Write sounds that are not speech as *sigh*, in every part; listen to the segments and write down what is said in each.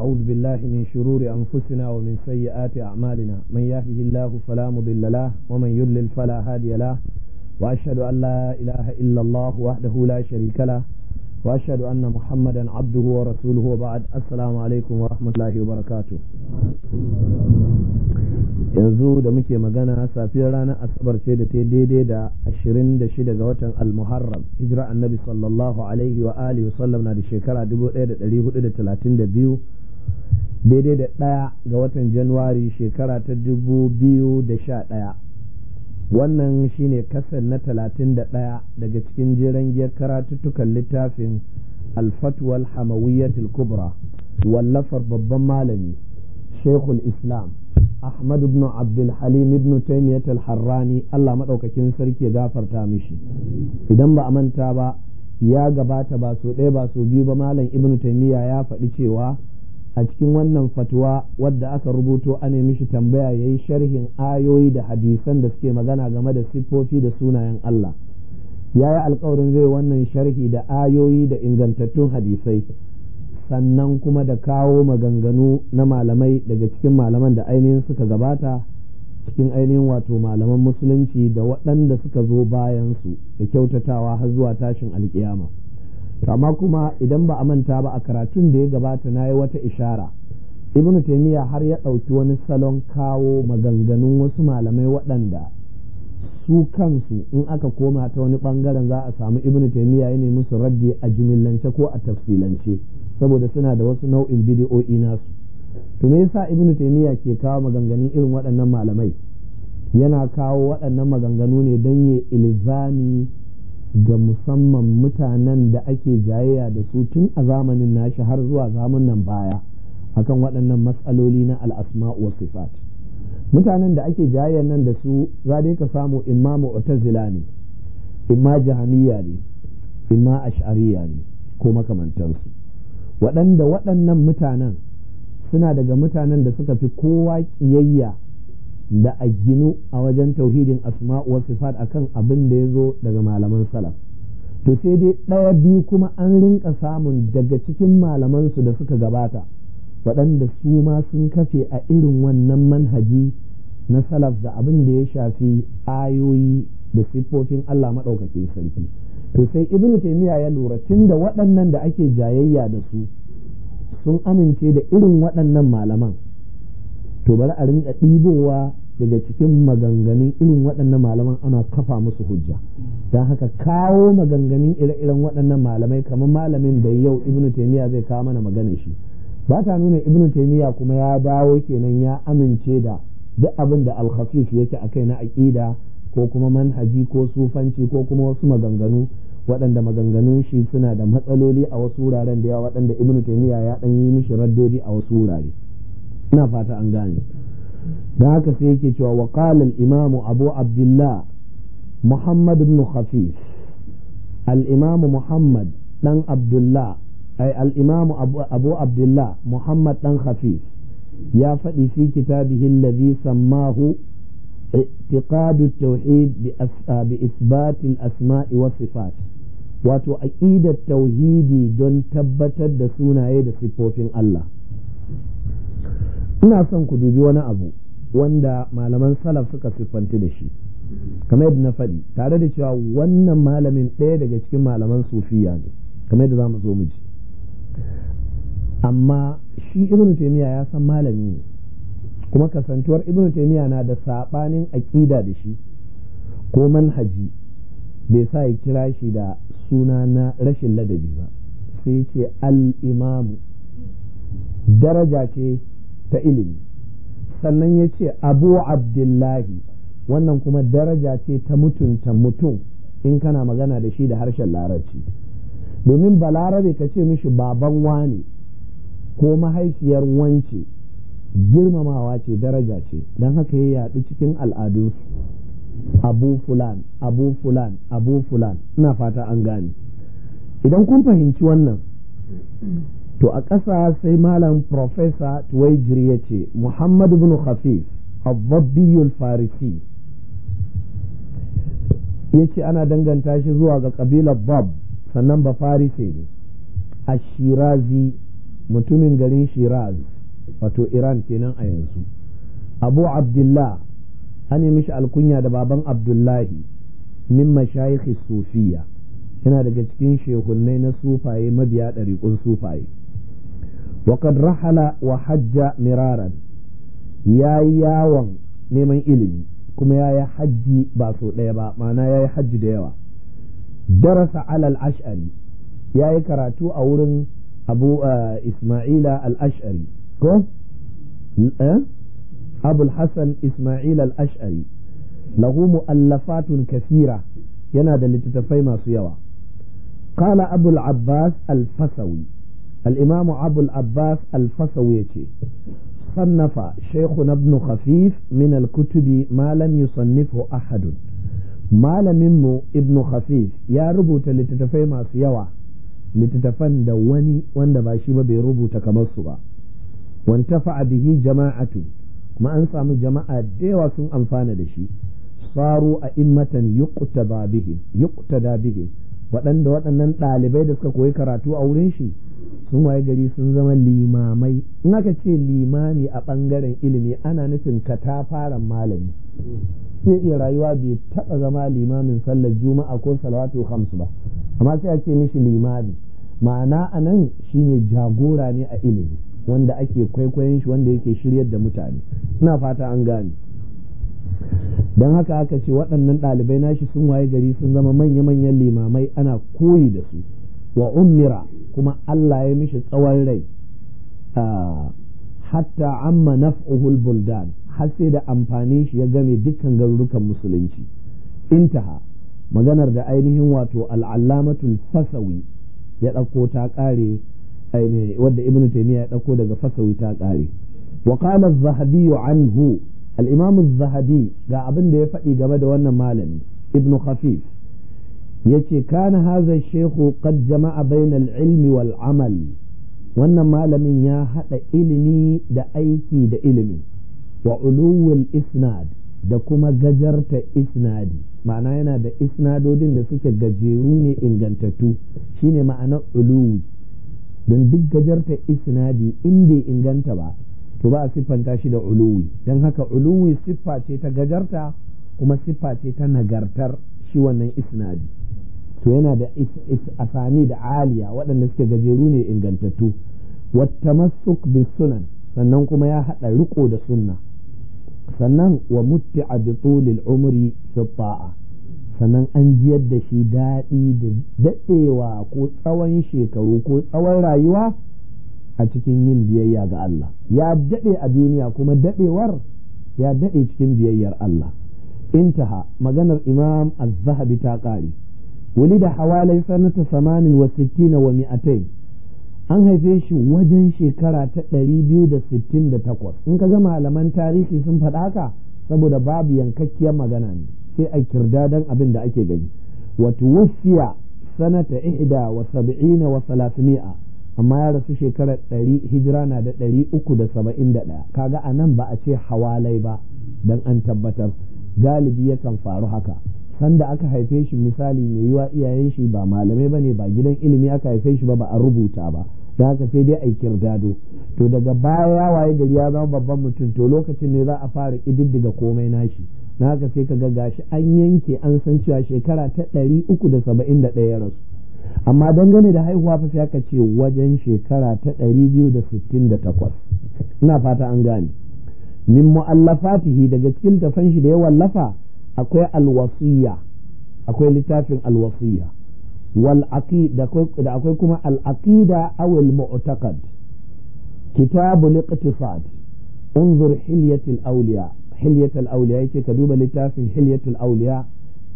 أعوذ بالله من شرور أنفسنا ومن سيئات أعمالنا من يهده الله فلا مضل له ومن يضلل فلا هادي له وأشهد أن لا إله إلا الله وحده لا شريك له وأشهد أن محمدا عبده ورسوله وبعد السلام عليكم ورحمة الله وبركاته yanzu da muke magana safiyar ranar asabar ce da ta daidai da ashirin da shida ga watan almuharram hijira annabi sallallahu alaihi wa alihi na da shekara dubu da ɗari hudu da talatin da biyu daidai da ɗaya ga watan januwari shekara ta dubu biyu da sha ɗaya wannan shine kasar na talatin da ɗaya daga cikin giyar karatuttukan littafin alfatwal hamawiyyatul kubra wallafar babban malami shekul islam ahmad ibn abdulhalim ibn taimiyat harrani allah maɗaukakin sarki ya gafarta mishi idan ba a manta ba ya gabata ba so ɗaya ba so biyu ba malam ibn taimiyya ya faɗi cewa a cikin wannan fatuwa wadda aka rubuto a nemi shi tambaya ya yi sharhin ayoyi da hadisan da suke magana game da siffofi da sunayen Allah ya yi alkawarin zai wannan sharhi da ayoyi da ingantattun hadisai sannan kuma da kawo maganganu na malamai daga cikin malaman da ainihin suka gabata cikin ainihin wato malaman musulunci da waɗanda suka zo bayansu da kyautatawa har zuwa tashin alkiyama. to amma kuma idan ba a manta ba a karatun da ya gabata na yi wata ishara ibnu taimiyya har ya ɗauki wani salon kawo maganganun wasu malamai waɗanda su kansu in aka koma ta wani ɓangaren za a samu ibnu taimiyya ya nemi su raddi a jimillance ko a tafsilance saboda suna da wasu nau'in bidiyo'i nasu to me yasa ibnu taimiyya ke kawo maganganun irin waɗannan malamai yana kawo waɗannan maganganu ne don ya ilzami ga musamman mutanen da ake jayayya da su tun a zamanin nashi har zuwa zamanin baya akan waɗannan matsaloli na al'asma'u wa sifat mutanen da ake jayayya nan da su za dai ka samu imma mu'tazila ne imma jahamiya ne imma ash'ariya ne ko makamantansu waɗanda waɗannan mutanen suna daga mutanen da suka fi kowa ƙiyayya da a a wajen tauhidin asma'u wa a kan abin da ya zo daga malaman salaf to sai dai ɗawa biyu kuma an rinka samun daga cikin malamansu da suka gabata waɗanda su ma sun kafe a irin wannan manhaji na salaf da abin da ya shafi ayoyi da siffofin Allah maɗaukakin sarki to sai ibn taymiya ya lura tun da waɗannan da ake jayayya da su sun amince da irin waɗannan malaman to bari a rinka ɗibowa daga cikin maganganun irin waɗannan malaman ana kafa musu hujja don haka kawo maganganun ire-iren waɗannan malamai kamar malamin da yau ibnu taimiyya zai kawo mana magana shi ba ta nuna ibnu taimiyya kuma ya dawo kenan ya amince da duk abin da alhafif yake a kai na aƙida ko kuma manhaji ko sufanci ko kuma wasu maganganu waɗanda maganganun shi suna da matsaloli a wasu wuraren da yawa waɗanda ibnu taimiyya ya ɗan yi mishi raddodi a wasu wurare ina fata an gane da haka sai yake cewa wa qala al imam abu abdullah muhammad ibn khafif al imam muhammad dan abdullah ay al imam abu, abdullah muhammad dan khafif ya faɗi fi kitabihi alladhi sammahu اعتقاد التوحيد بإثبات الأسماء والصفات wato aƙidar tauhidi don tabbatar da sunaye da siffofin Allah ina son ku dubi wani abu wanda malaman salaf suka siffanti da shi kamar yadda na faɗi tare da cewa wannan malamin ɗaya daga cikin malaman sufiya ne kamar yadda za mu zo mu ji amma shi ibnu taimiyya ya san malami ne kuma kasantuwar ibnu taimiyya na da saɓanin aƙida da shi ko manhaji bai sa ya kira shi da suna na rashin ladabi ba sai ce al-imamu daraja ce ta ilimi sannan ya ce abu abdullahi wannan kuma daraja ce ta mutunta mutum in kana magana da shi da harshen larabci domin balarabe ka ce mishi baban wani ko mahaifiyar wance girmamawa ce daraja ce don haka ya yaɗu cikin al'adu abu fulan abu fulan abu fulan ina fata an gane idan kun fahimci wannan to a ƙasa sai malam profesa tuwaijiri ya ce muhammad bin khafif abubuwan farisi ya ce ana danganta shi zuwa ga ƙabilar bab sannan ba farisi ne a shirazi mutumin garin shiraz wato iran kenan a yanzu abu abdullah an yi mishi alkunya da baban abdullahi min mashayikh sufiya yana daga cikin shehunnai na sufaye mabiya ɗariƙun sufaye rahala wa وحج مرارا يا ياون neman ilimi kuma ya yi hajji ba so ɗaya ba mana ya yi hajji da yawa darasa alal ash'ari ya yi karatu a wurin abu isma'ila ashari ko abul hassan isma'ila ashari lahu mu'allafatun kasira yana da littattafai masu yawa kala abul abbas al الإمام أبو العباس الفصويتي صنف شيخنا ابن خفيف من الكتب ما لم يصنفه أحد ما لم يمو ابن خفيف يا ربوت لتتفي ما سيوا لتتفن دواني وان باشيبا بربوت كمصوا وانتفع به جماعة ما أنصام جماعة ديوا سن أنفان دشي صاروا أئمة يقتدى بهم يقتدى بهم waɗanda waɗannan ɗalibai da suka koyi karatu a wurin shi sun waye gari sun zama limamai in aka ce limami a ɓangaren ilimi ana nufin ka ta fara malami sai iya rayuwa bai taɓa zama limamin sallar juma'a ko salawatu hamsu ba amma sai a ce mishi limami ma'ana a nan shine jagora ne a ilimi wanda ake kwaikwayon shi wanda yake shiryar da mutane ina fata an gane don haka aka ce waɗannan ɗalibai nashi sun waye gari sun zama manya-manyan limamai ana koyi da su wa umira kuma Allah ya mishi tsawon rai ah, hatta amma naf'uhul buldan har sai da amfanin shi ya game dukkan garurukan musulunci intaha maganar da ainihin wato al'allamatul fasawi ya ɗauko ta ƙare wadda ibnu taymiya ya ɗauko daga fasawi ta ƙare wa qala az-zahabi anhu al'imamu zahabi ga abinda ya faɗi game da wannan malami ibnu khafif ya ce kana haza shehu qad jama'a bainal ilmi wal'amal wannan malamin ya haɗa ilimi da aiki da ilimi wa uluwul isnad da kuma gajarta isnadi ma'ana yana da isnadodin da suke gajeru ne ingantattu shine ma'anar uluwi don duk gajarta isnadi in bai inganta ba to ba a siffanta shi da uluwi don haka uluwi siffa ce ta gajarta kuma siffa ce ta nagartar shi wannan isnadi to yana da asani da aliya waɗanda suke gajeru ne ingantattu wata masuk bi sunan sannan kuma ya haɗa riko da sunna sannan wa mutti a bitulil umri siffa'a sannan an jiyar da shi daɗi da daɗewa ko tsawon shekaru ko tsawon rayuwa a cikin yin biyayya ga Allah ya daɗe a duniya kuma daɗewar ya daɗe cikin biyayyar Allah intaha maganar imam az-zahabi ta ƙare wani da hawalai sanata samanin wa sittina wa mi'atai an haife shi wajen shekara ta ɗari biyu da sittin da takwas in ka ga malaman tarihi sun faɗa haka saboda babu yankakkiyar magana ne sai a kirda don abin da ake gani wato wasiya sanata ihda wa sab'ina wa salasmi'a amma ya rasu shekarar ɗari hijira na da ɗari uku da saba'in da ɗaya kaga a nan ba a ce hawalai ba don an tabbatar galibi yakan faru haka sanda aka haife shi misali mai yiwa iyayen shi ba malamai ba ne ba gidan ilimi aka haife shi ba ba a rubuta ba da haka sai dai a gado to daga baya ya waye gari ya zama babban mutum to lokacin ne za a fara ƙididdiga komai nashi na haka sai ka ga gashi an yanke an san cewa shekara ta ɗari uku da saba'in da ɗaya rasu amma dangane da haihuwa fa sai aka ce wajen shekara ta 268 ina fata an gane min mu'allafatihi daga cikin tafan shi da ya wallafa akwai alwasiya akwai littafin alwasiya wal aqida da akwai kuma al aqida aw al mu'taqad kitab al iqtisad انظر حلية الأولياء حلية الأولياء كدوب لتافي حلية الأولياء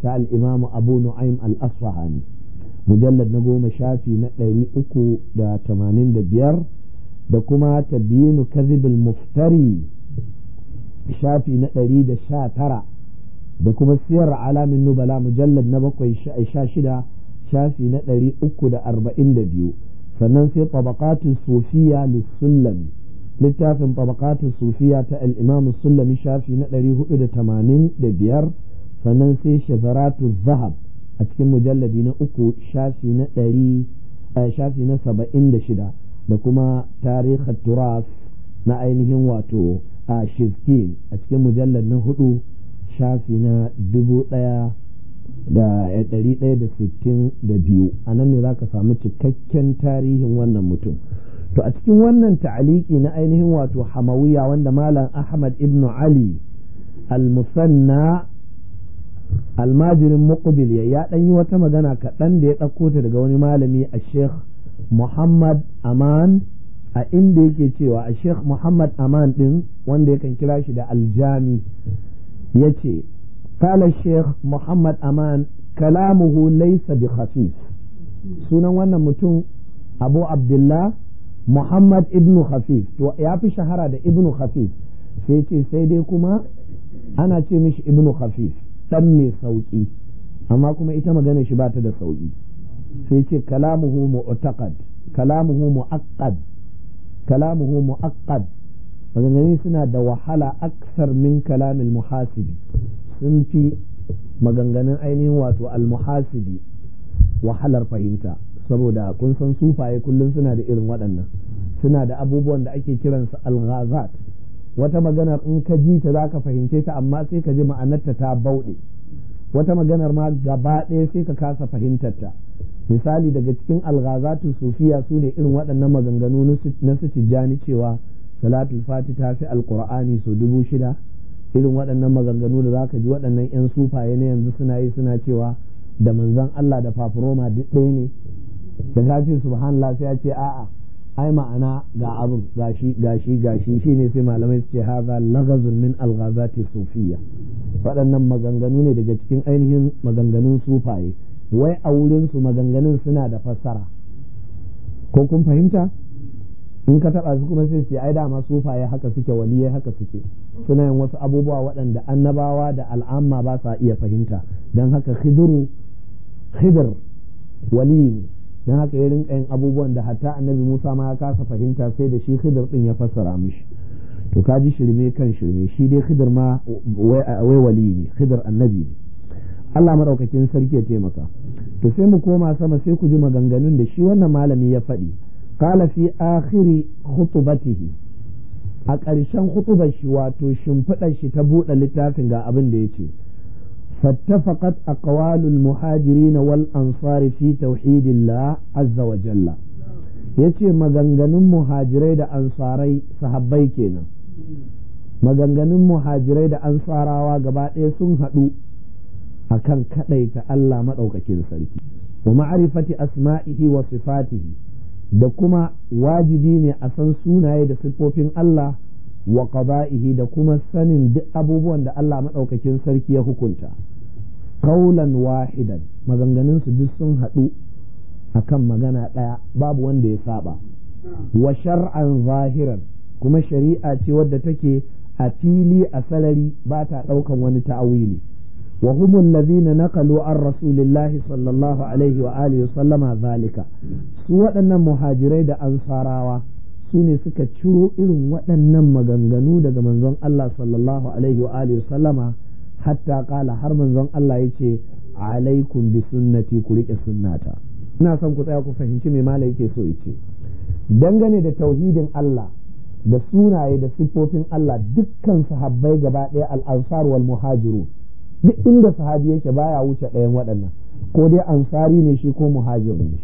تاع الإمام أبو نعيم الأصفهاني mujallar na goma shafi na ɗari uku da tamanin da biyar da kuma tabyinu kazibul muftari shafi na ɗari da sha tara da kuma siyar alamin nubala mujallad na bakwai sha shida shafi na ɗari uku da arba'in da biyu sannan sai sufiya lissullami littafin tabaqatul sufiya ta al-imam sullami shafi na ɗari hudu da tamanin da biyar sannan sai shazaratu zahab a cikin mujalladi na uku shafi na ɗari eh, shafi na saba'in da shida da kuma tarihar turas na ainihin wato a a cikin mujallar na hudu shafi na dubu ɗaya da eh, ɗari ɗaya da sittin da biyu a nan ne za ka samu cikakken tarihin wannan mutum to a cikin wannan ta'aliki na ainihin wato hamawiya wanda malam ahmad ibnu ali al-musanna almajirin muqbil ya dan yi wata magana kaɗan da ya ɗauko ta daga wani malami a sheikh muhammad aman a inda yake cewa a sheikh muhammad aman ɗin wanda yakan kira shi da aljami ya ce kala sheikh muhammad aman kalamuhu laisa bi khafif sunan wannan mutum abu abdullah muhammad ibnu khafif to ya fi shahara da ibnu khafif sai ce sai dai kuma ana ce mishi ibnu khafif dan mai sauki amma kuma ita magana shi bata da sauki sai ce kalamuhu mu'taqad kalamuhu mu'aqqad kalamuhu mu'aqqad maganganun suna da wahala aksar min kalamin muhasibi sun fi maganganun ainihin wato almuhasibi wahalar fahimta saboda kun san sufaye kullum suna da irin waɗannan suna da abubuwan da ake kiransu al-ghazat wata maganar in ka ji ta za ka fahimce ta amma sai ka ji ma'anarta ta bauɗe wata maganar ma gaba ɗaya sai ka kasa fahimtarta misali daga cikin alghazatu sufiya su ne irin waɗannan maganganu na su tijjani cewa salatul fati ta fi alqur'ani sau dubu shida irin waɗannan maganganu da za ka ji waɗannan 'yan sufaye na yanzu suna yi suna cewa da manzon Allah da fafuroma duk ɗaya ne da ka ce subhanallah sai ya ce a'a ai ma'ana ga abin gashi gashi gashi shine sai malamai su ce haza lagazun min alghazati sufiya waɗannan maganganu ne daga cikin ainihin maganganun sufaye wai a wurin su maganganun suna da fassara ko kun fahimta in ka taba su kuma sai su ai dama sufaye haka suke waliye haka suke suna yin wasu abubuwa waɗanda annabawa da al'amma ba sa iya fahimta don haka khidru khidr waliyi don haka ya rinka yin abubuwan da hatta annabi Musa ma ya kasa fahimta sai da shi Khidir din ya fassara mishi to ka shirme kan shirme shi dai Khidir ma wai wali ne Khidir annabi ne Allah madaukakin sarki ya taimaka to sai mu koma sama sai ku ji maganganun da shi wannan malami ya faɗi qala fi akhiri khutbatihi a ƙarshen khutubar shi wato shimfiɗar shi ta buɗe littafin ga abin da ya ce فاتفقت أقوال المهاجرين والأنصار في توحيد الله عز وجل yace maganganun muhajirai da ansarai sahabbai kenan maganganun muhajirai da ansarawa gaba ɗaya sun haɗu akan kaɗaita Allah maɗaukakin sarki wa ma'arifati asma'ihi wa sifatihi da kuma wajibi ne a san sunaye da siffofin Allah wa qada'ihi da kuma sanin duk abubuwan da Allah maɗaukakin sarki ya hukunta kaulan wahidan maganganun su duk sun haɗu akan magana ɗaya babu wanda ya saba wa shar'an zahiran kuma shari'a ce wadda take a fili a sarari ba ta ɗaukan wani ta'awili wa humul ladhina naqalu an rasulillahi sallallahu alaihi wa alihi sallama zalika su waɗannan muhajirai da ansarawa su ne suka ciro irin waɗannan maganganu daga manzon Allah sallallahu alaihi wa alihi sallama hatta kala har manzon Allah ya ce alaikum bi sunnati ku rike sunnata ina son ku tsaya ku fahimci me mala yake so yace dangane da tauhidin Allah da sunaye da siffofin Allah dukkan sahabbai gaba ɗaya al-ansar wal muhajirun duk inda sahabi yake baya wuce ɗayan waɗannan ko dai ansari ne shi ko muhajiru ne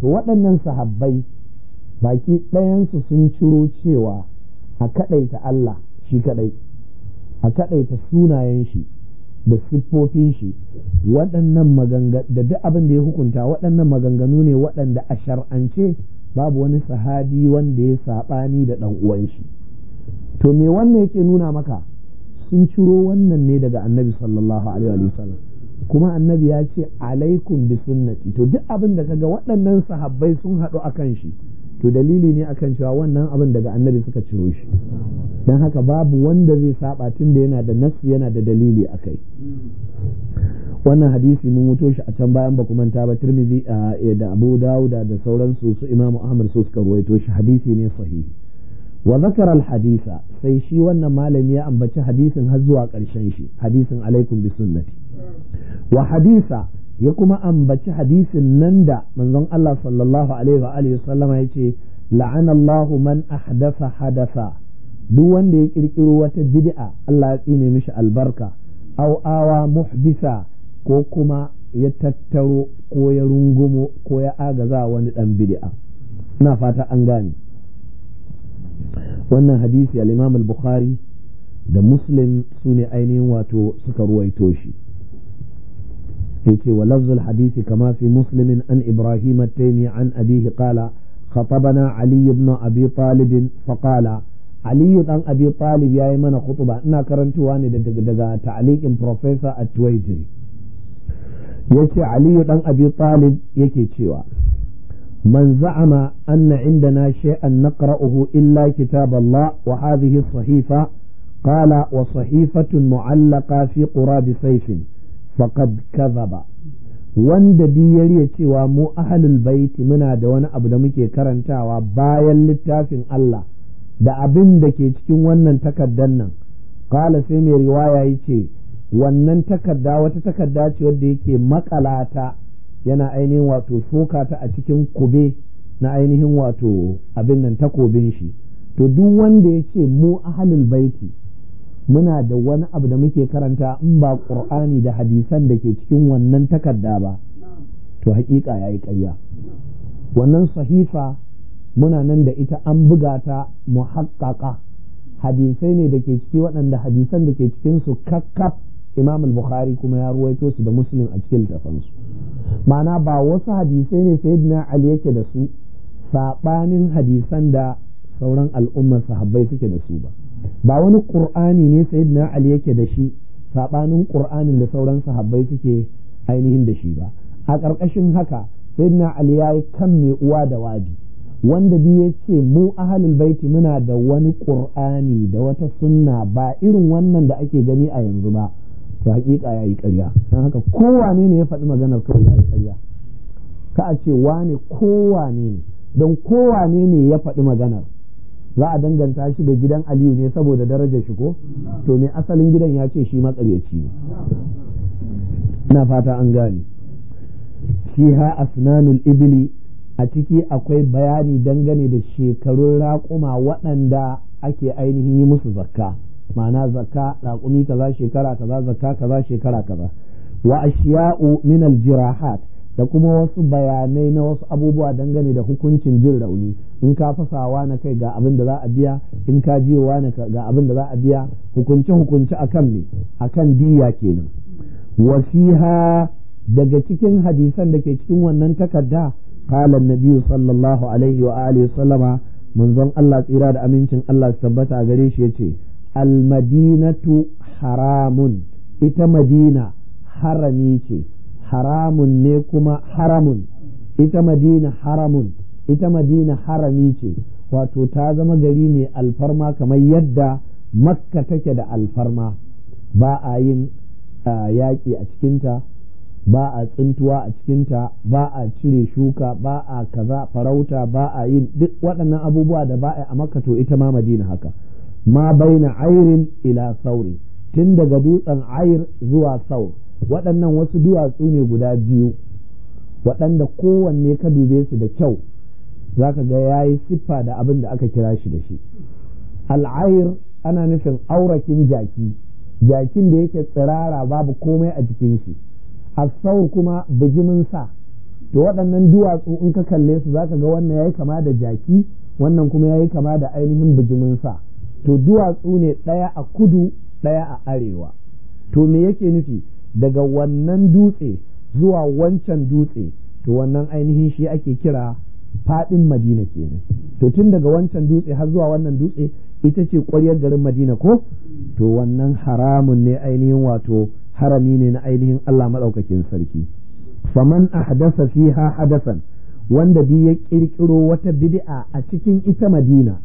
to waɗannan sahabbai baki ɗayansu sun ciro cewa a kaɗaita Allah shi kaɗai a kaɗaita sunayen shi da siffofin shi waɗannan maganganu da duk abin da ya hukunta waɗannan maganganu ne waɗanda a shar'ance babu wani sahabi wanda ya saɓani da ɗan uwan shi to me wannan yake nuna maka sun ciro wannan ne daga annabi sallallahu alaihi wa sallam kuma annabi ya ce alaikum bi sunnati to duk abin da kaga waɗannan sahabbai sun haɗu akan shi to dalili ne akan cewa wannan abin daga annabi suka ciro shi don haka babu wanda zai saba tun da yana da nasu yana da dalili a kai wannan hadisi mun wuto shi a can bayan ba manta ba a eh, da abu dawuda da sauransu su imamu ahmad su suka ruwaito shi hadisi ne sahihi wa zakara alhadisa sai shi wannan malami ya ambaci hadisin har zuwa karshen shi hadisin alaikum bi sunnati wa hadisa ya kuma ambaci hadisin nan da manzon Allah sallallahu alaihi wa alihi sallama ce la'anallahu man ahdasa hadasa duk wanda ya kirkiro wata bid'a Allah ya tsine mishi albarka aw awa muhdisa ko kuma ya tattaro ko ya rungumo ko ya agaza wani dan bid'a ina fata an gane wannan hadisi al-Imam al-Bukhari da Muslim sune ainihin wato suka ruwaito shi sai ce wa lafzul hadisi kama fi muslimin an ibrahim taimi an abihi qala khatabana ali ibn abi talib fa qala ali ibn abi talib yayi mana khutba ina karantuwa ne daga daga ta'liqin professor at tuwaijiri yace ali ibn abi talib yake cewa man za'ama anna na shay'an naqra'uhu illa kitab wa hadhihi as-sahifa qala wa sahifatun mu'allaqa fi qurab sayfin faqad zaba wanda di ya cewa mu ahlul baiti muna da wani abu da muke karantawa bayan littafin Allah da abin da ke cikin wannan takardan nan kala sai mai riwaya ya ce wannan takarda wata takarda ce wadda yake makalata yana ainihin wato soka a cikin kube na ainihin wato abin nan takobin shi to duk wanda ya mu ahlul baiti muna da wani abu da muke karanta in ba ƙur'ani da hadisan da ke cikin wannan takarda ba to haƙiƙa ya yi ƙarya wannan sahifa muna nan da ita an buga ta muhaqqaqa hadisai ne da ke ciki waɗanda hadisan da ke cikin su kakkaf imam al-bukhari kuma ya ruwaito su da muslim a cikin littafansu ma'ana ba wasu hadisai ne sayyidina ali yake da su saɓanin hadisan da sauran al'ummar sahabbai suke da su ba ba wani ƙur'ani ne sayyidina ali yake da shi sabanin ƙur'anin da sauran sahabbai suke ainihin da shi ba a ƙarƙashin haka sayyidina ali ya yi kan mai uwa da waje wanda bi ya ce mu ahalul baiti muna da wani ƙur'ani da wata sunna ba irin wannan da ake gani a yanzu ba to hakika yi ƙarya don haka kowane ne ya faɗi maganar kawai yi ƙarya ka a ce wane kowane ne don kowane ne ya faɗi maganar za a danganta shi da gidan aliyu ne saboda darajar shi ko to me asalin gidan ya ce shi matsaryaci ne ina fata an gane fiha asnanul ibili. a ciki akwai bayani dangane da shekarun raƙuma waɗanda ake ainihin yi musu zakka ma'ana zakka raƙumi kaza shekara kaza zakka kaza shekara kaza wa ashiya'u min al-jirahat da kuma wasu bayanai na wasu abubuwa dangane da hukuncin jin rauni in ka fasawa na kai ga abin da za a biya in ka jiwa na ga abin da za a biya hukunci hukunci a kan mi a kan diyya kenan wasiha daga cikin hadisan da ke cikin wannan takarda kalan na biyu sallallahu alaihi wa alaihi salama mun zon Allah tsira da amincin Allah tabbata a gare shi ya ce almadinatu haramun ita madina harami ce haramun ne kuma haramun ita madina haramun ita madina harami ce wato ta zama gari mai alfarma kamar yadda makka take da alfarma ba a yin yaƙi a cikinta ba a tsintuwa a cikinta ba a cire shuka ba a kaza farauta ba a yin duk waɗannan abubuwa da ba a a makka to ita ma madina haka ma baina airin ila sauri tun daga dutsen ayir zuwa sau waɗannan wasu duwatsu ne guda biyu waɗanda kowanne ka dube su da kyau za ka ga ya yi siffa da abin da aka kira shi da shi al'ayir ana nufin aurakin jaki jakin da yake tsirara babu komai a jikin shi asaur kuma bijimin sa to waɗannan duwatsu in ka kalle su za ka ga wannan ya yi kama da jaki wannan kuma ya yi kama da ainihin bijimin sa to duwatsu ne ɗaya a kudu ɗaya a arewa to me yake nufi daga wannan dutse zuwa wancan dutse to wannan ainihin shi ake kira faɗin madina ne to tun daga wancan dutse har zuwa wannan dutse ita ce ƙwaryar garin madina ko to wannan haramun ne ainihin wato harami ne na ainihin Allah maɗaukakin sarki faman ahdasa fiha hadasan wanda bi ya ƙirƙiro wata bid'a a cikin ita madina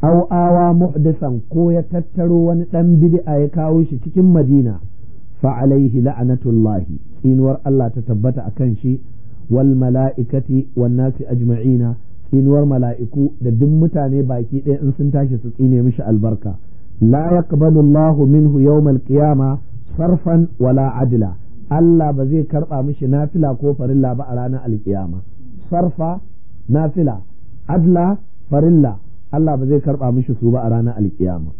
aw awa muhdisan ko ya tattaro wani ɗan bid'a ya kawo shi cikin madina fa alaihi la'anatullahi inuwar Allah ta tabbata a kan shi wal mala'ikati wan nasi tsinuwar mala'iku da duk mutane baki ɗaya in sun tashi su tsine mishi albarka la yaqbalu Allahu minhu yawmal qiyama sarfan wala adla Allah ba zai karba mishi nafila ko farilla ba a ranar alƙiyama sarfa nafila adla farilla Allah ba zai karba mishi su ba a ranar alƙiyama.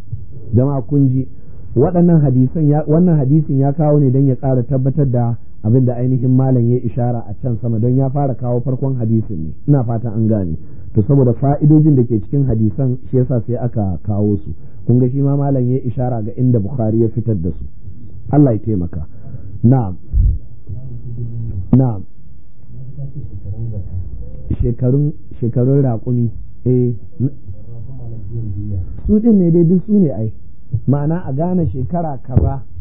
jama'a kun ji waɗannan hadisan wannan hadisin ya kawo ne don ya ƙara tabbatar da abinda ainihin malam ya ishara a can sama don ya fara kawo farkon hadisin ne ina fata an gane to saboda fa'idojin da ke cikin hadisan shi yasa sai aka kawo su kun ga shi ma malam ya ishara ga inda bukhari ya fitar da su Allah ya taimaka na'am na'am shekarun shekarun raƙumi eh su din ne dai duk su ne ai ma'ana a gane shekara kaza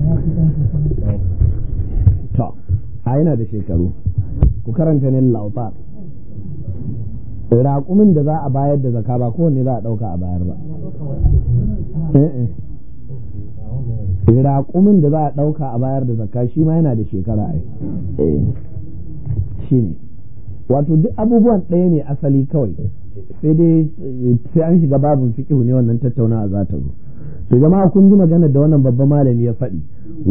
to a yana da shekaru ku karanta ne lautar raƙumin da za a bayar da zaka ba kowanne za a ɗauka a bayar ba eh, eh. raƙumin da za a ɗauka a bayar da zaka shi ma yana da shekara ai eh, shi ne wato duk abubuwan ɗaya ne asali kawai sai dai sai an shiga babin fiƙihu ne wannan tattaunawa za ta zo to jama'a kun ji magana da wannan babban malami ya faɗi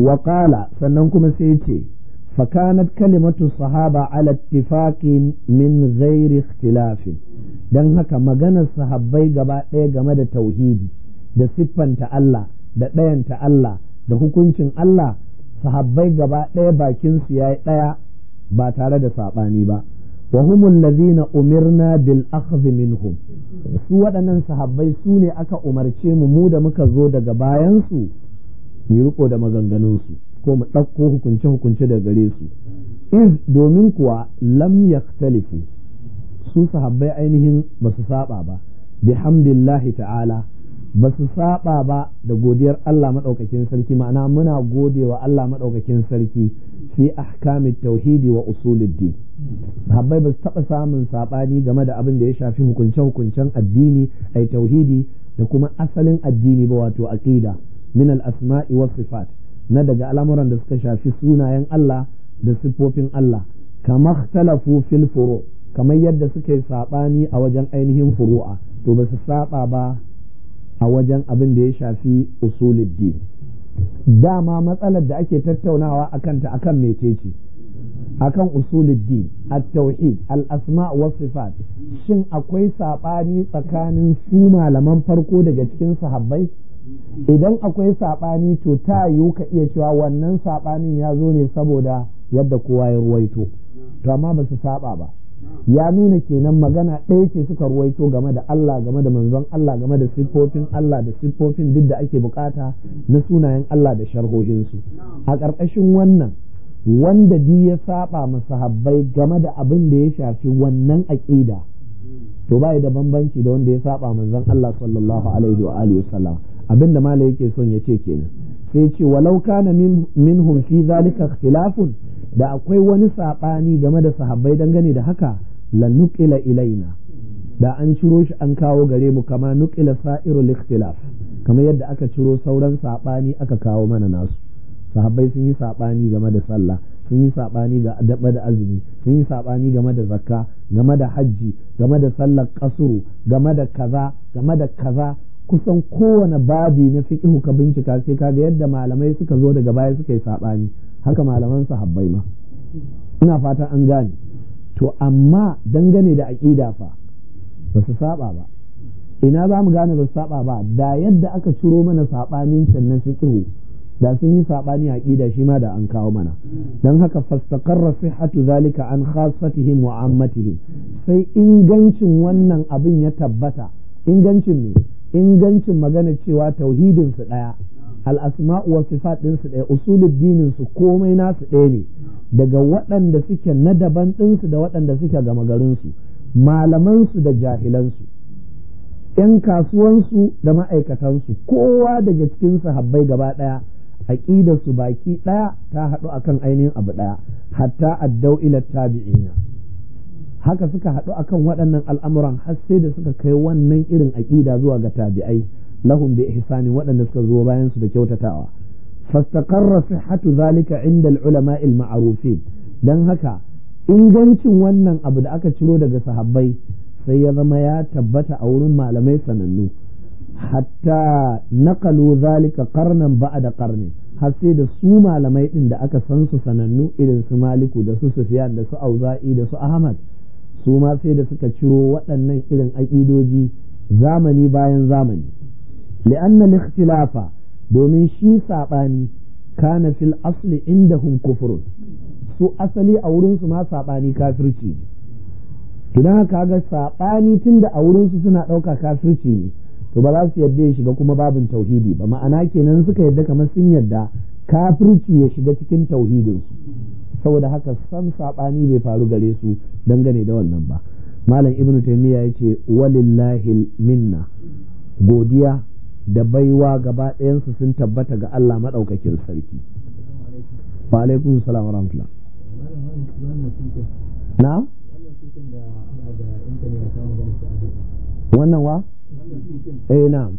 wa qala sannan kuma sai ce fa kanat kalimatu sahaba ala ittifaqin min ghairi ikhtilafin dan haka maganar sahabbai gaba ɗaya game da tauhidi da siffanta Allah da ɗayanta Allah da hukuncin Allah sahabbai gaba ɗaya su ya yi ɗaya ba tare da saɓani ba wa humul ladina umirna bil akhdh minhum su waɗannan sahabbai su ne aka umarce mu mu da muka zo daga bayan su mu riko da maganganun ko mu ɗauko hukunce hukunce da gare su iz domin kuwa lam yaktalifu su sahabbai ainihin ba su saba ba bihamdillahi ta'ala ba su saba ba da godiyar Allah maɗaukakin sarki ma'ana muna gode wa Allah maɗaukakin sarki fi ahkamin tauhidi wa usuluddin habbai ba su taɓa samun saɓani game da abin da ya shafi hukunce-hukuncen addini ai tauhidi da kuma asalin addini ba wato aqida min al-asma'i wa sifat na daga al'amuran da suka shafi sunayen Allah da siffofin Allah kamar fil kamar yadda suka yi saɓani a wajen ainihin furu'a to ba su saba ba a wajen abin da ya shafi din dama matsalar da ake tattaunawa akan ta akan mecece akan usuluddin at-tauhid al-asma wa sifat shin akwai sabani tsakanin su malaman farko daga cikin sahabbai idan akwai sabani to ta yiwu ka iya cewa wannan sabanin ya zo ne saboda yadda kowa ya ruwaito to amma ba su saba ba ya nuna kenan magana ɗaya ce suka ruwaito game da Allah game da manzon Allah game da siffofin Allah da siffofin duk da ake bukata na sunayen Allah da sharhohinsu a ƙarƙashin wannan wanda di ya saba masahabbai game da abin da ya shafi wannan aƙida to ba da bambanci da wanda ya saba manzon Allah sallallahu alaihi wa alihi wasallam abin yake son ya ce kenan sai ce lauka na min fi zalika ikhtilafun da akwai wani saɓani game da sahabbai dangane da haka la nuqila ilaina da an ciro shi an kawo gare mu kama nuqila sa'iru ikhtilaf kamar yadda aka ciro sauran saɓani aka kawo mana nasu sahabbai sun yi saɓani game da sallah sun yi saɓani game da azumi sun yi saɓani game da zakka game da hajji game da sallar kasuru game da kaza game da kaza kusan kowane babi na fiqhu ka bincika sai ka kaga yadda malamai suka zo daga baya suka yi saɓani haka malaman sahabbai ma ina fata an gane to amma dangane da aƙida fa ba su saba ba ina za mu gane ba su saba ba da yadda aka ciro mana saɓanin can na fiqhu da sun yi saɓani aƙida shi ma da an kawo mana don haka fastaqarra sihhatu zalika an khasatihim wa ammatihim sai ingancin wannan abin ya tabbata ingancin ne ingancin magana cewa tauhidin su ɗaya al'asma'u wa sifat ɗinsu ɗaya usulul dinin komai nasu ɗaya ne daga waɗanda suke na daban ɗinsu da waɗanda suke gama garinsu malamansu da jahilansu ‘yan kasuwansu da ma'aikatansu kowa daga cikinsu sahabbai gaba ɗaya aƙidarsu baki ɗaya ta haɗu akan ainihin abu ɗaya hatta addau ila tabi'ina haka suka haɗu akan waɗannan al'amuran har sai da suka kai wannan irin aƙida zuwa ga tabi'ai lahum bi ihsani waɗanda suka zo bayan su da kyautatawa fastaqarra sihhatu zalika inda al-ulama al-ma'rufin dan haka ingancin wannan abu da aka ciro daga sahabbai sai ya zama ya tabbata a wurin malamai sanannu hatta naqalu zalika qarnan ba'da qarni har sai da su malamai din da aka san su sanannu irin su maliku da su sufyan da su auza'i da su ahmad su ma sai da suka ciro waɗannan irin aƙidoji zamani bayan zamani li'anna ikhtilafa domin shi saɓani kana fil asli hun kufurun su asali a wurinsu ma saɓani kafirci ne idan haka ga saɓani tun da a wurinsu suna ɗauka kafirci ne to ba za su yadda ya shiga kuma babin tauhidi ba ma'ana kenan suka yadda kamar sun yadda kafirci ya shiga cikin tauhidinsu saboda haka san saɓani bai faru gare su dangane da wannan ba malam ibn taymiya ce walillahi minna godiya da baiwa gaba ɗayansu sun tabbata ga Allah maɗaukakin sarki wa alaikum salam wa rahmatullah wannan wa eh na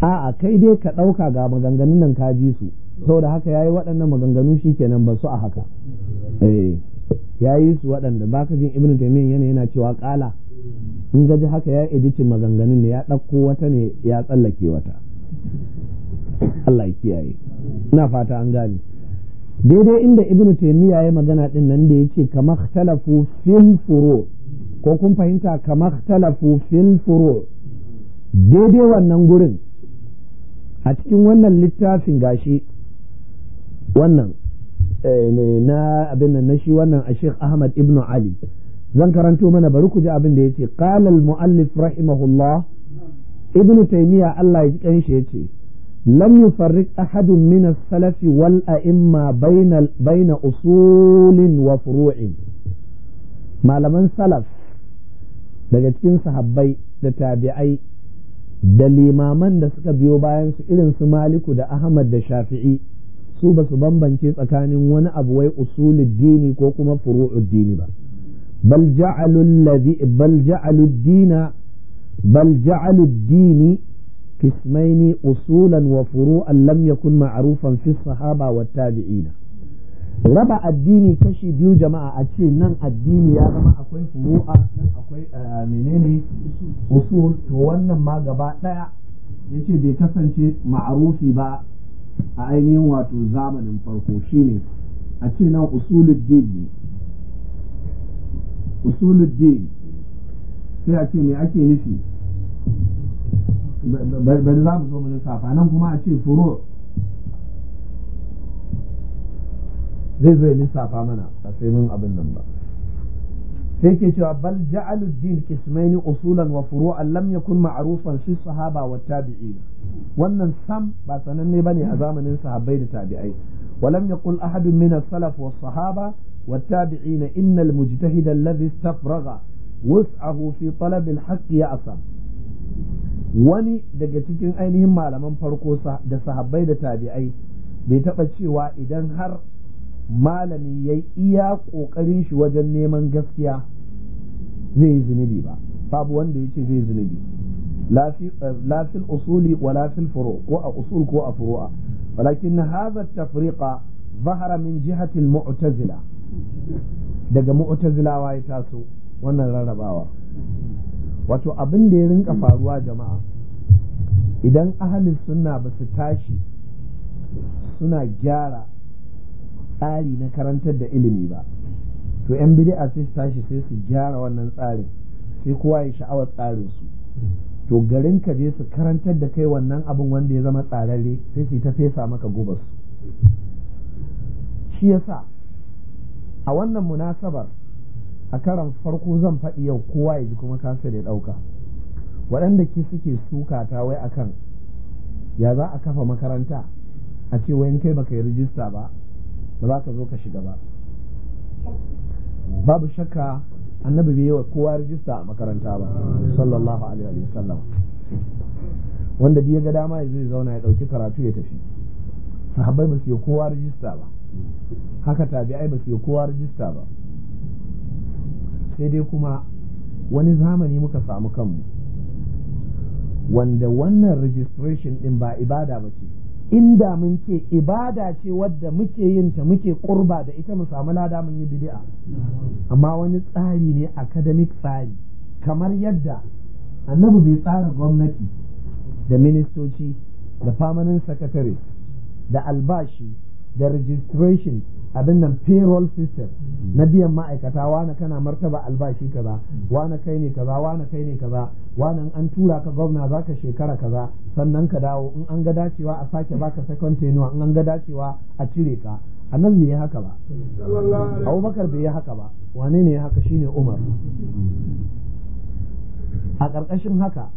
a'a kai dai ka ɗauka ga maganganun nan ka ji su saboda haka ya yi waɗannan maganganu shikenan ba su a haka eh yi su waɗanda ba ka jin Ibn taymiyyah yana yana cewa ƙala in gaji haka ya editin maganganun ne ya ɗauko wata ne ya tsallake wata Allah ya kiyaye ina fata an gane daidai inda Ibn taymiyyah ya yi magana din nan da yake kamar talafu fil furu' ko kun fahimta kamar talafu fil furu daidai wannan gurin a cikin wannan littafin gashi wannan eh, na abin nan shi wannan a Sheikh Ahmad ibn Ali zan karanto mana bari ku ji abin da yace qala al muallif rahimahullah ibn taymiya Allah ya ji kan shi yace lam yufarriq ahadun min as-salaf wal a'imma bayna bayna usulin wa furu'in malaman salaf daga cikin sahabbai da tabi'ai da limaman da suka biyo bayan su irin su maliku da ahmad da shafi'i su ba su bambance tsakanin wani abu wai usulul dini ko kuma furu'ud dini ba bal ja'alul ladhi bal ja'alud dina bal ja'alud dini قسمين أصولا وفروعا لم يكن raba addini kashi biyu jama'a a ce nan addini ya zama akwai furu'a nan akwai eh, menene usul to wannan ma gaba daya yace bai kasance ma'arufi ba a ainihin wato zamanin farko shine a ce nan usulul din usulul sai a ce me ake nufi bari za mu zo mu lissafa nan kuma a ce furu' zai zo ya lissafa mana ba sai mun abin nan ba sai ke cewa bal ja'aluddin kismaini usulan wa furu'an lam yakun ma'rufan fi sahaba wa tabi'in wannan sam ba sananne bane a zamanin sahabbai da tabi'ai ولم يقل أحد من السلف والصحابة innal إن المجتهد الذي استفرغ وسعه في طلب الحق yasa wani daga cikin ainihin malaman farko da sahabbai da tabi'ai bai taɓa cewa idan har malami ya yi iya ƙoƙarin shi wajen neman gaskiya zai yi zunubi ba babu wanda ya ce zai zunubi lafil usuli wa lafil furu ko a usul ko a furu'a walakin hadha tafriqa zahara min jihatil mu'tazila daga mu'tazilawa ya taso wannan rarrabawa wato abin da ya rinka faruwa jama'a idan ahalin sunna ba su tashi suna gyara tsari na karantar da ilimi ba to yan bid'a sai su tashi sai su gyara wannan tsarin sai kowa ya sha'awar tsarin su to garin ka je su karantar da kai wannan abin wanda ya zama tsararre sai su ta fesa maka gubar su shi yasa a wannan munasabar a karan farko zan faɗi yau kowa ya ji kuma kasa da ɗauka waɗanda ke suke suka ta wai akan ya za a kafa makaranta a ce wayan kai baka yi rijista ba ba za ka zo ka shiga ba babu shakka annabi bai yi wa kowa rijista a makaranta ba sallallahu alaihi wasallam wanda ya ga dama ya zai zauna ya ɗauki karatu ya tafi sahabbai ba su yi kowa rijista ba haka tabi'ai ba su yi kowa rijista ba sai dai kuma wani zamani muka samu kanmu wanda wannan registration din ba ibada ba ce inda mun ce ibada ce wadda muke yin ta muke kurba da ita mu samu lada mun yi bid'a amma wani tsari ne academic tsari kamar yadda annabi bai tsara gwamnati da ministoci da permanent secretary da albashi da registration abin nan payroll system na biyan ma'aikata wani kana martaba albashi kaza wani kai ne kaza wani kai ne kaza wani an tura ka gwamna za ka shekara kaza sannan ka dawo in an ga dacewa a sake baka second tenure in an ga dacewa a cire ka nan bai yi haka ba abubakar bai yi haka ba wane ne haka shine umar a ƙarƙashin haka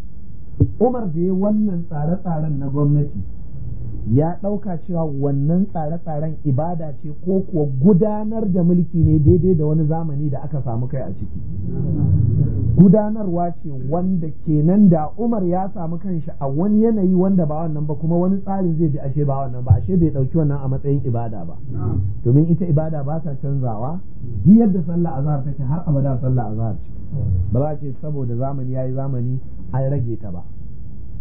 umar da ya wannan tsare-tsaren na gwamnati ya ɗauka cewa wannan tsare-tsaren ibada ce ko kuwa gudanar da mulki ne daidai da wani zamani da aka samu kai a ciki gudanarwa ce wanda kenan da umar ya samu kanshi a wani yanayi wanda ba wannan ba kuma wani tsarin zai bi ashe ba wannan ba ashe bai ɗauki wannan a matsayin ibada ba domin ita ibada ba ta canzawa duk yadda sallah azhar take har abada sallah azhar zahar. ba za ce saboda zamani yayi zamani an rage ta ba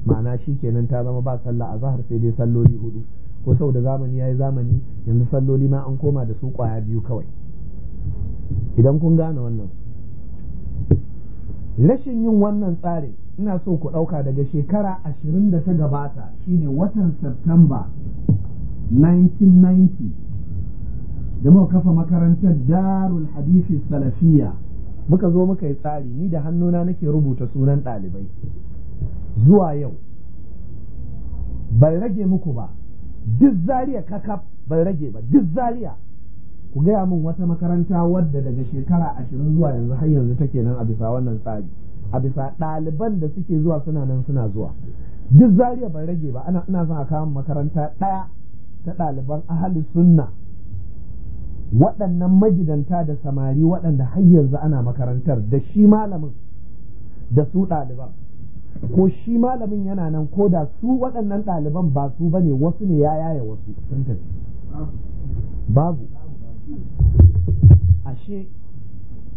ma'ana shi kenan ta zama ba sallah a zahar sai dai salloli hudu ko saboda zamani ya yi zamani yanzu salloli ma an koma da su kwaya biyu kawai idan kun gane wannan rashin yin wannan tsarin ina so ku ɗauka daga shekara ashirin da ta gabata shine watan Septemba 1990 da muka kafa makarantar Darul Hadisi Salafiya muka zo muka yi tsari ni da hannuna nake rubuta sunan ɗalibai zuwa yau bai rage muku ba duk zariya kakaf bai rage ba duk zariya ku gaya min wata makaranta wadda daga shekara ashirin zuwa yanzu har yanzu take nan a bisa wannan tsari a bisa ɗaliban da suke zuwa suna nan suna zuwa duk zariya bai rage ba ana ina son a kawo makaranta ɗaya ta ɗaliban ahali sunna waɗannan magidanta da samari waɗanda har yanzu ana makarantar da shi malamin da su ɗaliban ko shi malamin yana nan ko da su waɗannan ɗaliban ba su ba ne wasu ne ya yaya wasu sun babu ashe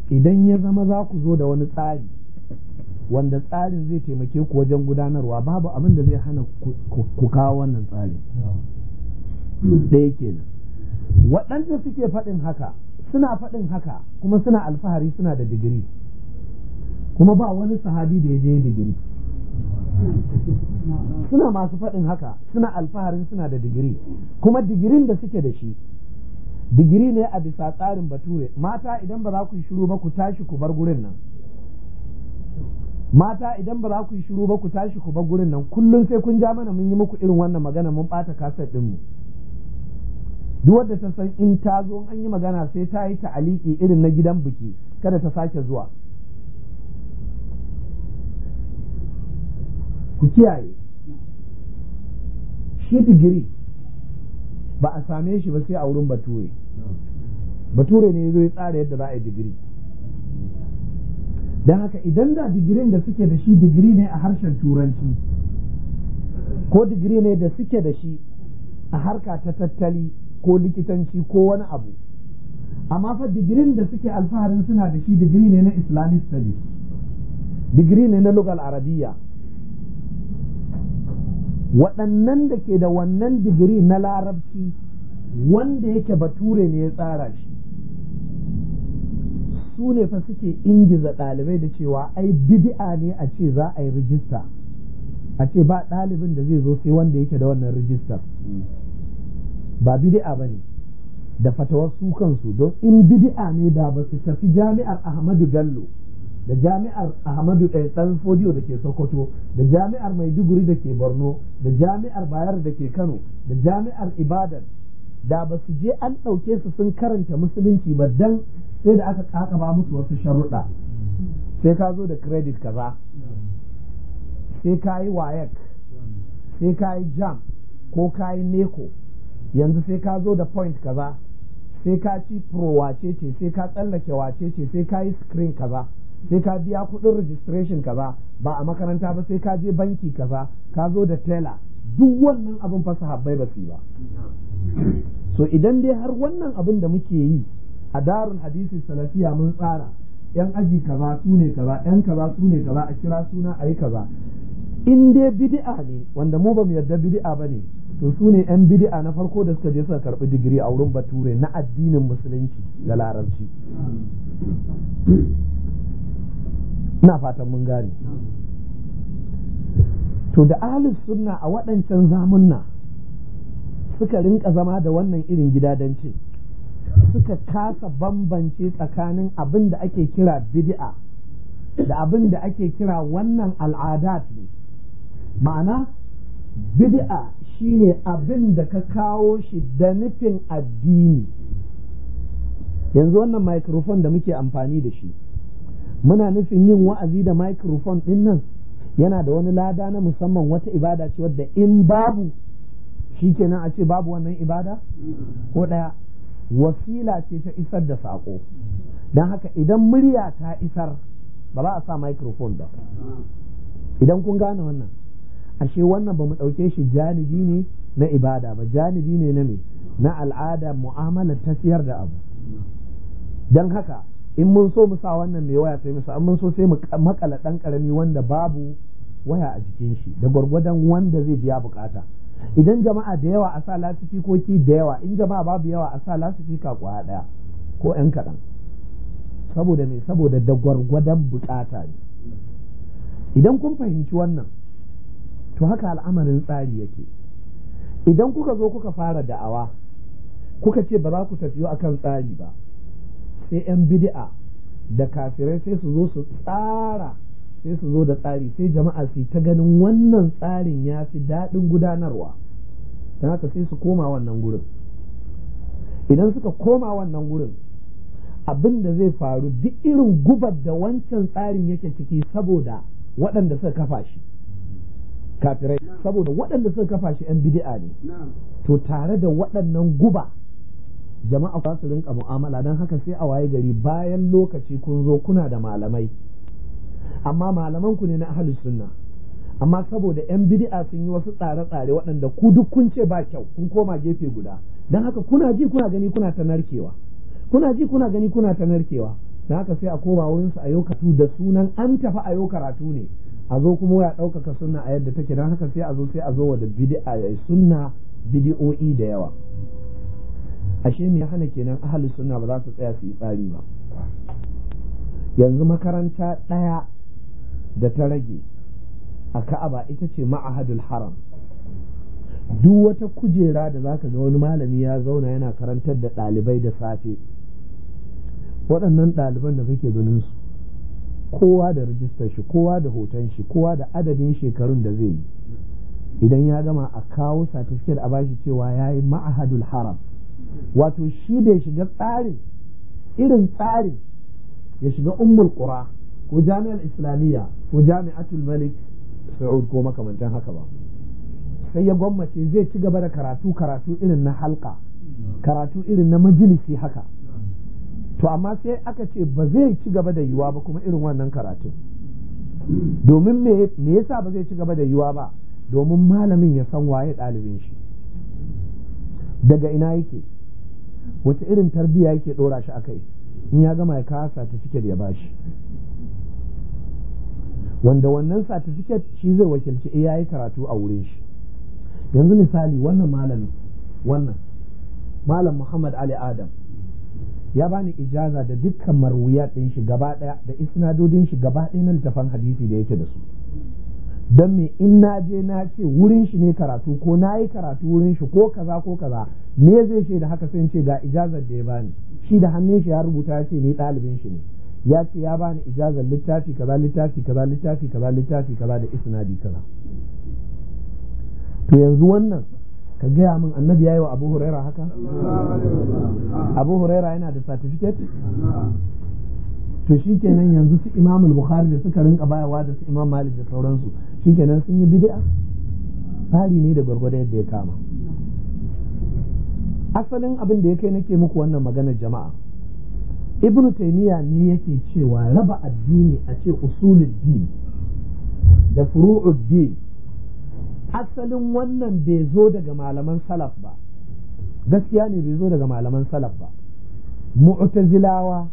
idan ya zama za ku zo da wani tsari wanda tsarin zai taimake ku wajen gudanarwa babu abin da zai hana ku kawo wannan tsarin ɗaya kenan waɗanda suke faɗin haka suna faɗin haka kuma suna alfahari suna da digiri kuma ba wani sahabi da ya je digiri suna masu faɗin haka suna alfaharin suna da digiri kuma digirin da suke da shi digiri ne a bisa tsarin bature mata idan ba za ku yi shiru ba ku tashi ku bar gurin nan mata idan ba za ku yi shiru ba ku tashi ku bar gurin nan kullum sai kun ja mana mun yi muku irin wannan magana mun ɓata kasar ɗinmu duk wadda ta san in ta zo an yi magana sai ta yi ta'aliki irin na gidan biki kada ta sake zuwa ku kiyaye shi digiri ba a same shi ba sai a wurin bature bature ne zai tsara yadda za a yi digiri don haka idan da digirin da suke da shi digiri ne a harshen turanci ko digiri ne da suke da shi a harka ta tattali ko likitanci ko wani abu amma fa digirin da suke alfaharin suna da shi digiri ne na islamic studies digiri ne na lugal arabiya waɗannan da ke da wannan digiri na larabci wanda yake bature ne ya tsara shi su ne fa suke ingiza ɗalibai da cewa ai bid'a ne a ce za a yi rijista a ce ba ɗalibin da zai zo sai wanda yake da wannan rijistar ba bid'a ba ne da fatawar su kansu don in bid'a ne da ba su tafi jami'ar ahmadu gallo da jami'ar ahmadu ɗan fodiyo da ke sokoto da jami'ar maiduguri da ke borno da jami'ar bayar da ke kano da jami'ar ibadan da ba su je an ɗauke su sun karanta musulunci ba dan sai da aka ba musu wasu sharuɗa sai ka zo da credit kaza sai ka yi wayek sai ka yi jam ko ka yi neko yanzu sai ka zo da point kaza sai ka ci pro wace ce sai ka tsallake wace ce sai ka yi screen kaza sai ka biya kuɗin registration ka ba ba a makaranta ba sai ka je banki ka ba ka zo da tela duk wannan abin fasa habbai ba su ba so idan dai har wannan abin da muke yi a darun hadisi salafiya mun tsara yan aji kaza su ne ba yan kaza su ne ba a kira suna a yi kaza in dai bid'a ne wanda mu ba mu yarda bid'a ba ne to su ne yan bid'a na farko da suka je suka karɓi digiri a wurin bature na addinin musulunci da larabci ina fatan mun gane to da ahlus sunna a waɗancan zamunna suka rinka zama da wannan irin gida gidadanci suka kasa bambance tsakanin abin da ake kira bid'a da abin da ake kira wannan al'adat ne ma'ana bid'a shine abin da ka kawo shi da nufin addini yanzu wannan microphone da muke amfani da shi muna nufin yin wa'azi da microphone ɗin nan yana da wani lada na musamman wata ibada ce wadda in babu shi kenan a ce babu wannan ibada ko ɗaya wasila ce ta isar da saƙo don haka idan murya ta isar ba ba a sa microphone ba idan kun gane wannan ashe wannan ba mu ɗauke shi janibi ne na ibada ba janibi ne na me na al'ada mu'amalar tafiyar da abu don haka in mun so mu sa wannan mai waya sai mu sa mun so sai mu makala dan karami wanda babu waya a jikin shi da gwargwadon wanda zai biya bukata idan jama'a da yawa a sa ko ki da yawa in jama'a babu yawa a sa ka kwa daya ko yan kaɗan saboda me saboda da gwargwadon bukata ne idan kun fahimci wannan to haka al'amarin tsari yake idan kuka zo kuka fara da'awa kuka ce ba za ku tafiyo akan tsari ba sai 'yan bidi'a da kafirai sai su zo su tsara sai su zo da tsari sai jama'a su ta ganin wannan tsarin ya fi daɗin gudanarwa don haka sai su koma wannan gurin idan suka koma wannan gurin abin da zai faru duk irin gubar da wancan tsarin yake ciki saboda waɗanda suka kafa shi kafirai saboda waɗanda suka kafa shi 'yan bidi'a ne to tare da waɗannan guba jama'a za su rinka mu'amala don haka sai a waye gari bayan lokaci kun zo kuna da malamai amma malaman ku ne na ahli sunna amma saboda yan bid'a sun yi wasu tsare-tsare waɗanda ku duk kun ce ba kyau kun koma gefe guda don haka kuna ji kuna gani kuna ta narkewa kuna ji kuna gani kuna ta narkewa don haka sai a koma wurin su a yau karatu da sunan an tafi a yau karatu ne a zo kuma ya ɗaukaka sunna a yadda take don haka sai a zo sai a zo wa da bid'a sunna bid'o'i da yawa ashe me ya hana kenan ahalus suna ba za su tsaya su yi tsari ba yanzu makaranta ɗaya da ta rage a ka'aba ita ce ma'ahadul haram duk wata kujera da za ka ga wani malami ya zauna yana karantar da ɗalibai da safe waɗannan ɗaliban da kake ganin su kowa da rijistar shi kowa da hoton shi kowa da adadin shekarun da zai yi idan ya gama a kawo satifiket a bashi cewa ya yi ma'ahadul haram wato shi bai shiga tsarin irin tsarin ya shiga ummul qura ko jami'ar islamiyya ko jami'atul malik sa'ud ko makamantan haka ba sai ya gwammace zai ci gaba da karatu karatu irin na halka karatu irin na majalisi haka to amma sai aka ce ba zai ci gaba da yiwa ba kuma irin wannan karatu domin me yasa ba zai ci gaba da yiwa ba domin malamin ya san waye ɗalibin shi daga ina yake wace irin tarbiyya yake dora shi akai in ya gama ya kawo certificate ya bashi wanda wannan certificate shi zai wakilci iya eh, yi karatu a wurin shi yanzu misali wannan wannan malam muhammad ali adam ya bani ijaza da dukkan marwuya ɗin shi gaba daya da isnadodin shi gaba daya na littafan hadisi da yake da su don me in na je na ce wurin shi ne karatu ko na yi karatu wurin shi ko kaza ko kaza me zai ce da haka sun ce ga ijazar da ya bani shi da hannun shi ya rubuta ya ce ni ɗalibin shi ne ya ce ya bani ijazar littafi kaza littafi kaza littafi kaza littafi kaza da isnadi kaza to yanzu wannan ka gaya min annabi ya yi wa abu huraira haka abu huraira yana da satifiket? to shi kenan yanzu su imamul bukhari da suka rinka bayawa da su imam malik da sauransu kenan sun yi bid'a tsari ne da gwargwado yadda ya kama asalin abin da ya kai nake muku wannan maganar jama'a ibnu taymiya ne yake cewa raba addini a ce usulul din da furu'ud din asalin wannan bai zo daga malaman salaf ba gaskiya ne bai zo daga malaman salaf ba mu'tazilawa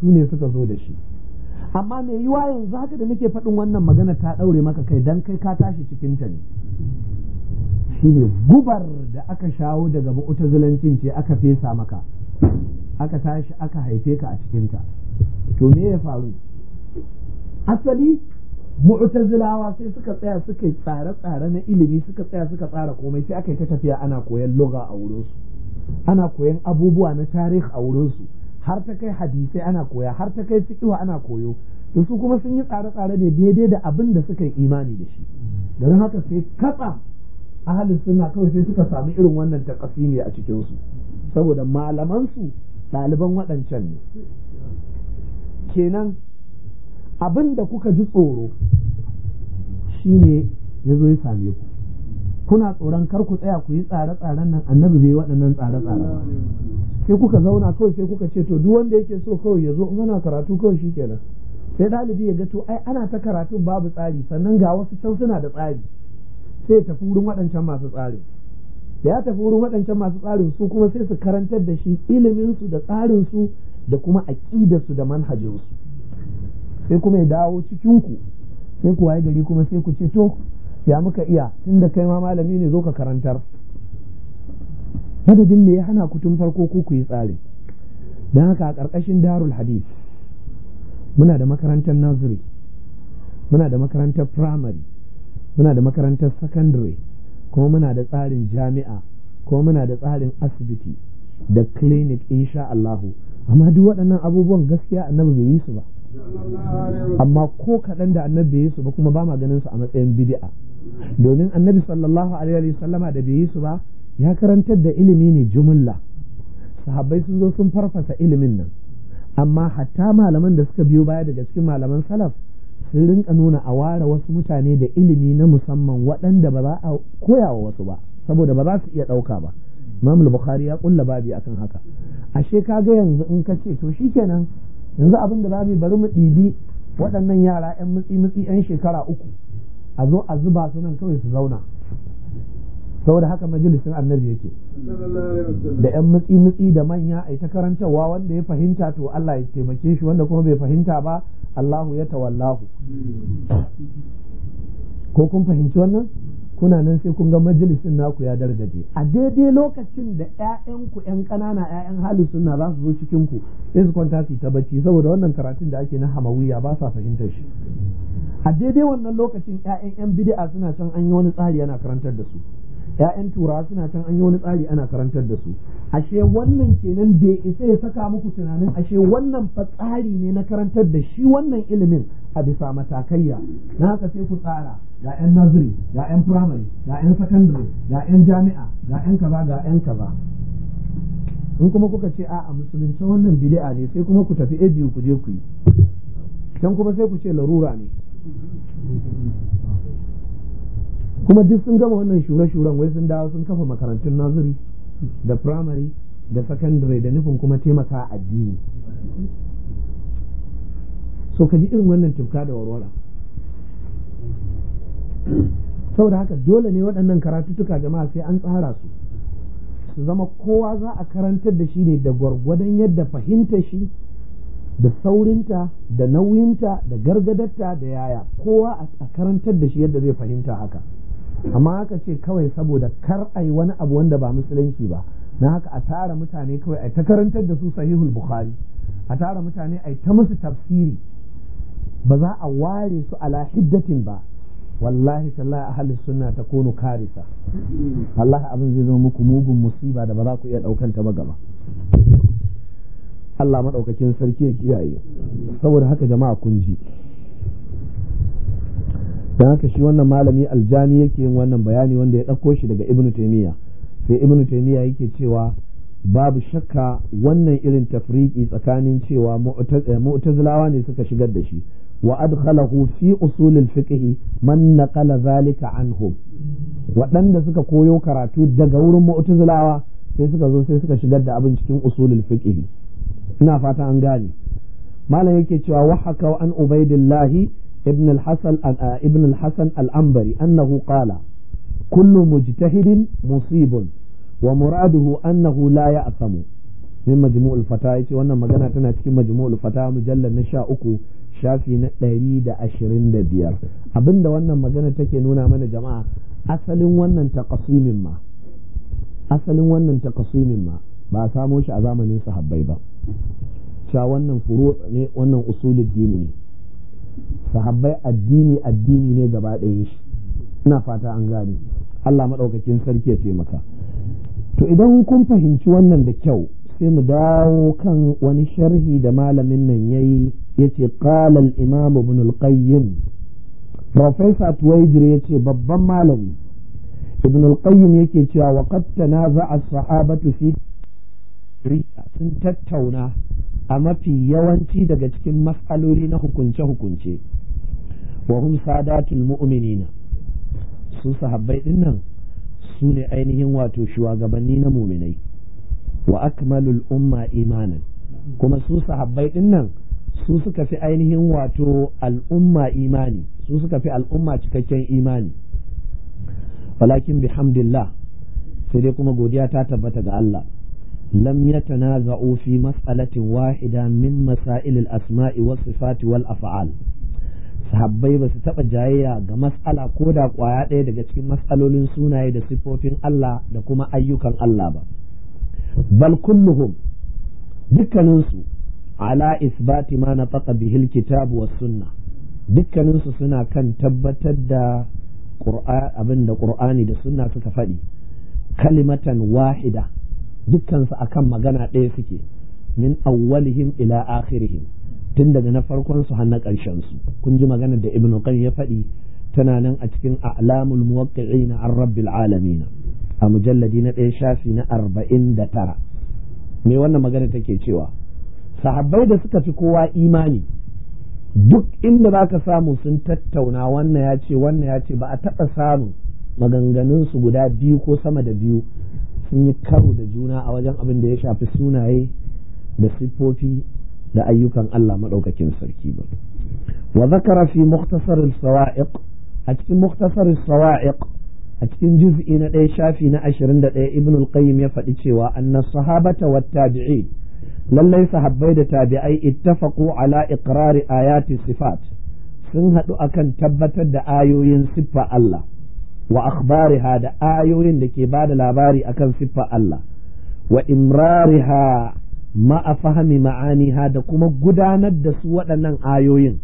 su ne suka zo da shi amma me yiwa yanzu haka da nake faɗin wannan magana ta ɗaure maka kai dan kai ka tashi cikin ta ne shine gubar da aka shawo daga zulancin ce aka fesa maka aka tashi aka haife ka a cikin ta to me ya faru asali mu'tazilawa sai suka tsaya suka tsare-tsare na ilimi suka tsaya suka tsara komai sai aka yi ta tafiya ana koyan loga a wurinsu ana koyan abubuwa na tarih a wurinsu har ta kai hadisai ana koya har ta kai cikiwa ana koyo to su kuma sun yi tsare-tsare ne daidai da abin da suka yi imani da shi don haka sai katsa ahalin suna kawai sai suka samu irin wannan takasimi a cikin su saboda malaman su ɗaliban waɗancan ne kenan abin da kuka ji tsoro shine ya zo ya same ku kuna tsoron kar ku tsaya ku yi tsare-tsaren nan annabi bai waɗannan tsare-tsare ba sai kuka zauna kawai sai kuka ce to duk wanda yake so kawai ya zo in ana karatu kawai shi nan sai ɗalibi ya ga to ai ana ta karatun babu tsari sannan ga wasu can suna da tsari sai ya tafi wurin waɗancan masu tsarin da ya tafi wurin waɗancan masu tsarin su kuma sai su karantar da shi ilimin su da tsarin su da kuma aƙidar su da manhajin su sai kuma ya dawo cikin ku sai ku waye gari kuma sai ku ce to ya muka iya tun da kai ma malami ne zo ka karantar madadin me ya hana ku tun farko ku ku yi tsari don haka a ƙarƙashin darul hadith muna da makarantar nursery muna da makarantar primary muna da makarantar secondary kuma muna da tsarin jami'a kuma muna da tsarin asibiti da clinic insha Allahu amma duk waɗannan abubuwan gaskiya annabi bai yi su ba amma ko kaɗan da annabi yi su ba kuma ba ma ganin su a matsayin bid'a domin annabi sallallahu alaihi sallama da bai su ba ya karantar da ilimi ne jumulla sahabbai sun zo sun farfasa ilimin nan amma hatta malaman da suka biyo baya daga cikin malaman salaf sun rinka nuna a ware wasu mutane da ilimi na musamman waɗanda ba za a koya wa wasu ba saboda ba za su iya ɗauka ba imam bukhari ya kulla babi akan haka ashe ka ga yanzu in ka ce to shikenan yanzu abin da zamu bari mu ɗibi waɗannan yara 'yan mutsi mutsi 'yan shekara uku a zo a zuba su nan kawai su zauna saboda haka majalisin annabi yake da 'yan mutsi mutsi da manya a ita karantarwa wanda ya fahimta to Allah ya taimake shi wanda kuma bai fahimta ba Allahu ya tawallahu ko kun fahimci wannan kuna nan sai kun ga majalisin naku ya dargaje a daidai lokacin da ƴaƴanku ƴan ƙanana ƴaƴan hali suna za su zo cikin ku sai su kwanta su ta bacci saboda wannan karatun da ake na hamawiya ba sa fahimtar shi a daidai wannan lokacin ƴaƴan ƴan bid'a suna can an yi wani tsari ana karantar da su ƴaƴan turawa suna can an yi wani tsari ana karantar da su ashe wannan kenan bai isa ya saka muku tunanin ashe wannan fa tsari ne na karantar da shi wannan ilimin a bisa matakaiya na haka sai ku tsara ga yan nursery ga yan primary ga yan secondary ga yan jami'a ga yan kaza ga yan kaza in kuma kuka ce a'a musulunci wannan bid'a ne sai kuma ku tafi ajiyu ku je ku yi can kuma sai ku ce larura ne kuma duk sun gama wannan shure-shuren wai sun dawo sun kafa makarantun naziri da primary da secondary da nufin kuma taimaka addini so ka ji irin wannan tufka da warwara sau da haka dole ne waɗannan karatuttuka jama'a sai an tsara su su zama kowa za a karantar da shi ne da gwargwadon yadda fahimta shi da saurinta da nauyinta da gargadatta da yaya kowa a karantar da shi yadda zai fahimta haka amma haka ce kawai saboda kar ai wani abu wanda ba musulunci ba na haka a tara mutane kawai a ta karantar da su sahihul bukhari a tara mutane ai ta musu tafsiri ba za a ware su ala hiddatin ba wallahi tallahi suna sunna kono karisa Allah abin zai zama muku mugun musiba da ba za ku iya daukan ta ba gaba Allah madaukakin sarki ya kiyaye saboda haka jama'a kun ji dan haka shi wannan malami aljami yake yin wannan bayani wanda ya dauko shi daga ibnu taymiya sai ibnu taymiya yake cewa babu shakka wannan irin tafriki tsakanin cewa mu'tazilawa ne suka shigar da shi wa adkhalahu si usulil fiqh man naqala zalika anhum waɗanda suka koyo karatu daga wurin mu'tazilawa sai suka zo sai suka shigar da abin cikin usulul fiqh ina fata an gane malam yake cewa wa haka an ubaidillah ibn al-hasan ibn al-hasan al-anbari annahu qala kullu mujtahidin musibun wa muraduhu annahu la ya'samu min majmu'ul fata yace wannan magana tana cikin majmu'ul fata mujallal na 13 shafi na ɗari da ashirin da biyar abinda wannan magana take nuna mana jama'a asalin wannan takasumin ma asalin wannan takasumin ma ba a samo shi a zamanin sahabbai ba cewa wannan furo ne wannan usulul dini ne sahabbai addini addini ne gaba ɗaya shi ina fata an gane Allah maɗaukakin sarki ya maka to idan kun fahimci wannan da kyau sai mu dawo kan wani sharhi da malamin nan ya yi. yace qala al-imam ibn al-qayyim professor tuwaijir yace babban malami ibn al-qayyim yake cewa wa qad tanaza as-sahabatu fi sun tattauna a mafi yawanci daga cikin matsaloli na hukunce-hukunce wa hum sadatul mu'minina su sahabbai dinnan su ne ainihin wato shugabanni na muminai wa akmalul umma imanan kuma su sahabbai dinnan su suka fi ainihin wato al'umma imani su suka fi al'umma cikakken imani walakin bihamdillah sai dai kuma godiya ta tabbata ga Allah lam yatanaza'u fi mas'alatin wahida min masail al-asma'i was sifati wal af'al sahabbai ba su taba jayayya ga mas'ala ko da kwaya ɗaya daga cikin mas'alolin sunaye da sifofin Allah da kuma ayyukan Allah ba bal kulluhum dukkaninsu ala isbati ma na faɗa bihil kitabu wa sunna dukkaninsu suna kan tabbatar da abin da ƙur'ani da sunna suka faɗi kalimatan wahida dukkansu akan magana ɗaya suke min awwalihim ila akhirihim tun daga na farkon su har na ƙarshen su kun ji magana da ibnu qayyim ya faɗi tana nan a cikin a'lamul muwaqqi'ina an rabbil alamin a mujalladi na ɗaya shafi na arba'in da tara me wannan magana take cewa sahabbai da suka fi kowa imani duk inda za ka samu sun tattauna wannan ya ce wannan ya ce ba a taɓa samun maganganunsu guda biyu ko sama da biyu sun yi karo da juna a wajen abin da ya shafi sunaye da siffofi da ayyukan Allah maɗaukakin sarki ba. wa zakara fi muktasar sawa'iq a cikin muktasar sawa'iq a cikin juz'i na ɗaya shafi na ashirin da ɗaya ibn al ya faɗi cewa anna sahabata wa tabi'in lallai sahabbai da tabi'ai ittafaqu ala iqrari ayati sifat sun hadu akan tabbatar da ayoyin siffa Allah wa akhbariha da ayoyin da ke bada labari akan siffa Allah wa imrariha ma'a fahami ma'aniha da kuma gudanar da su waɗannan ayoyin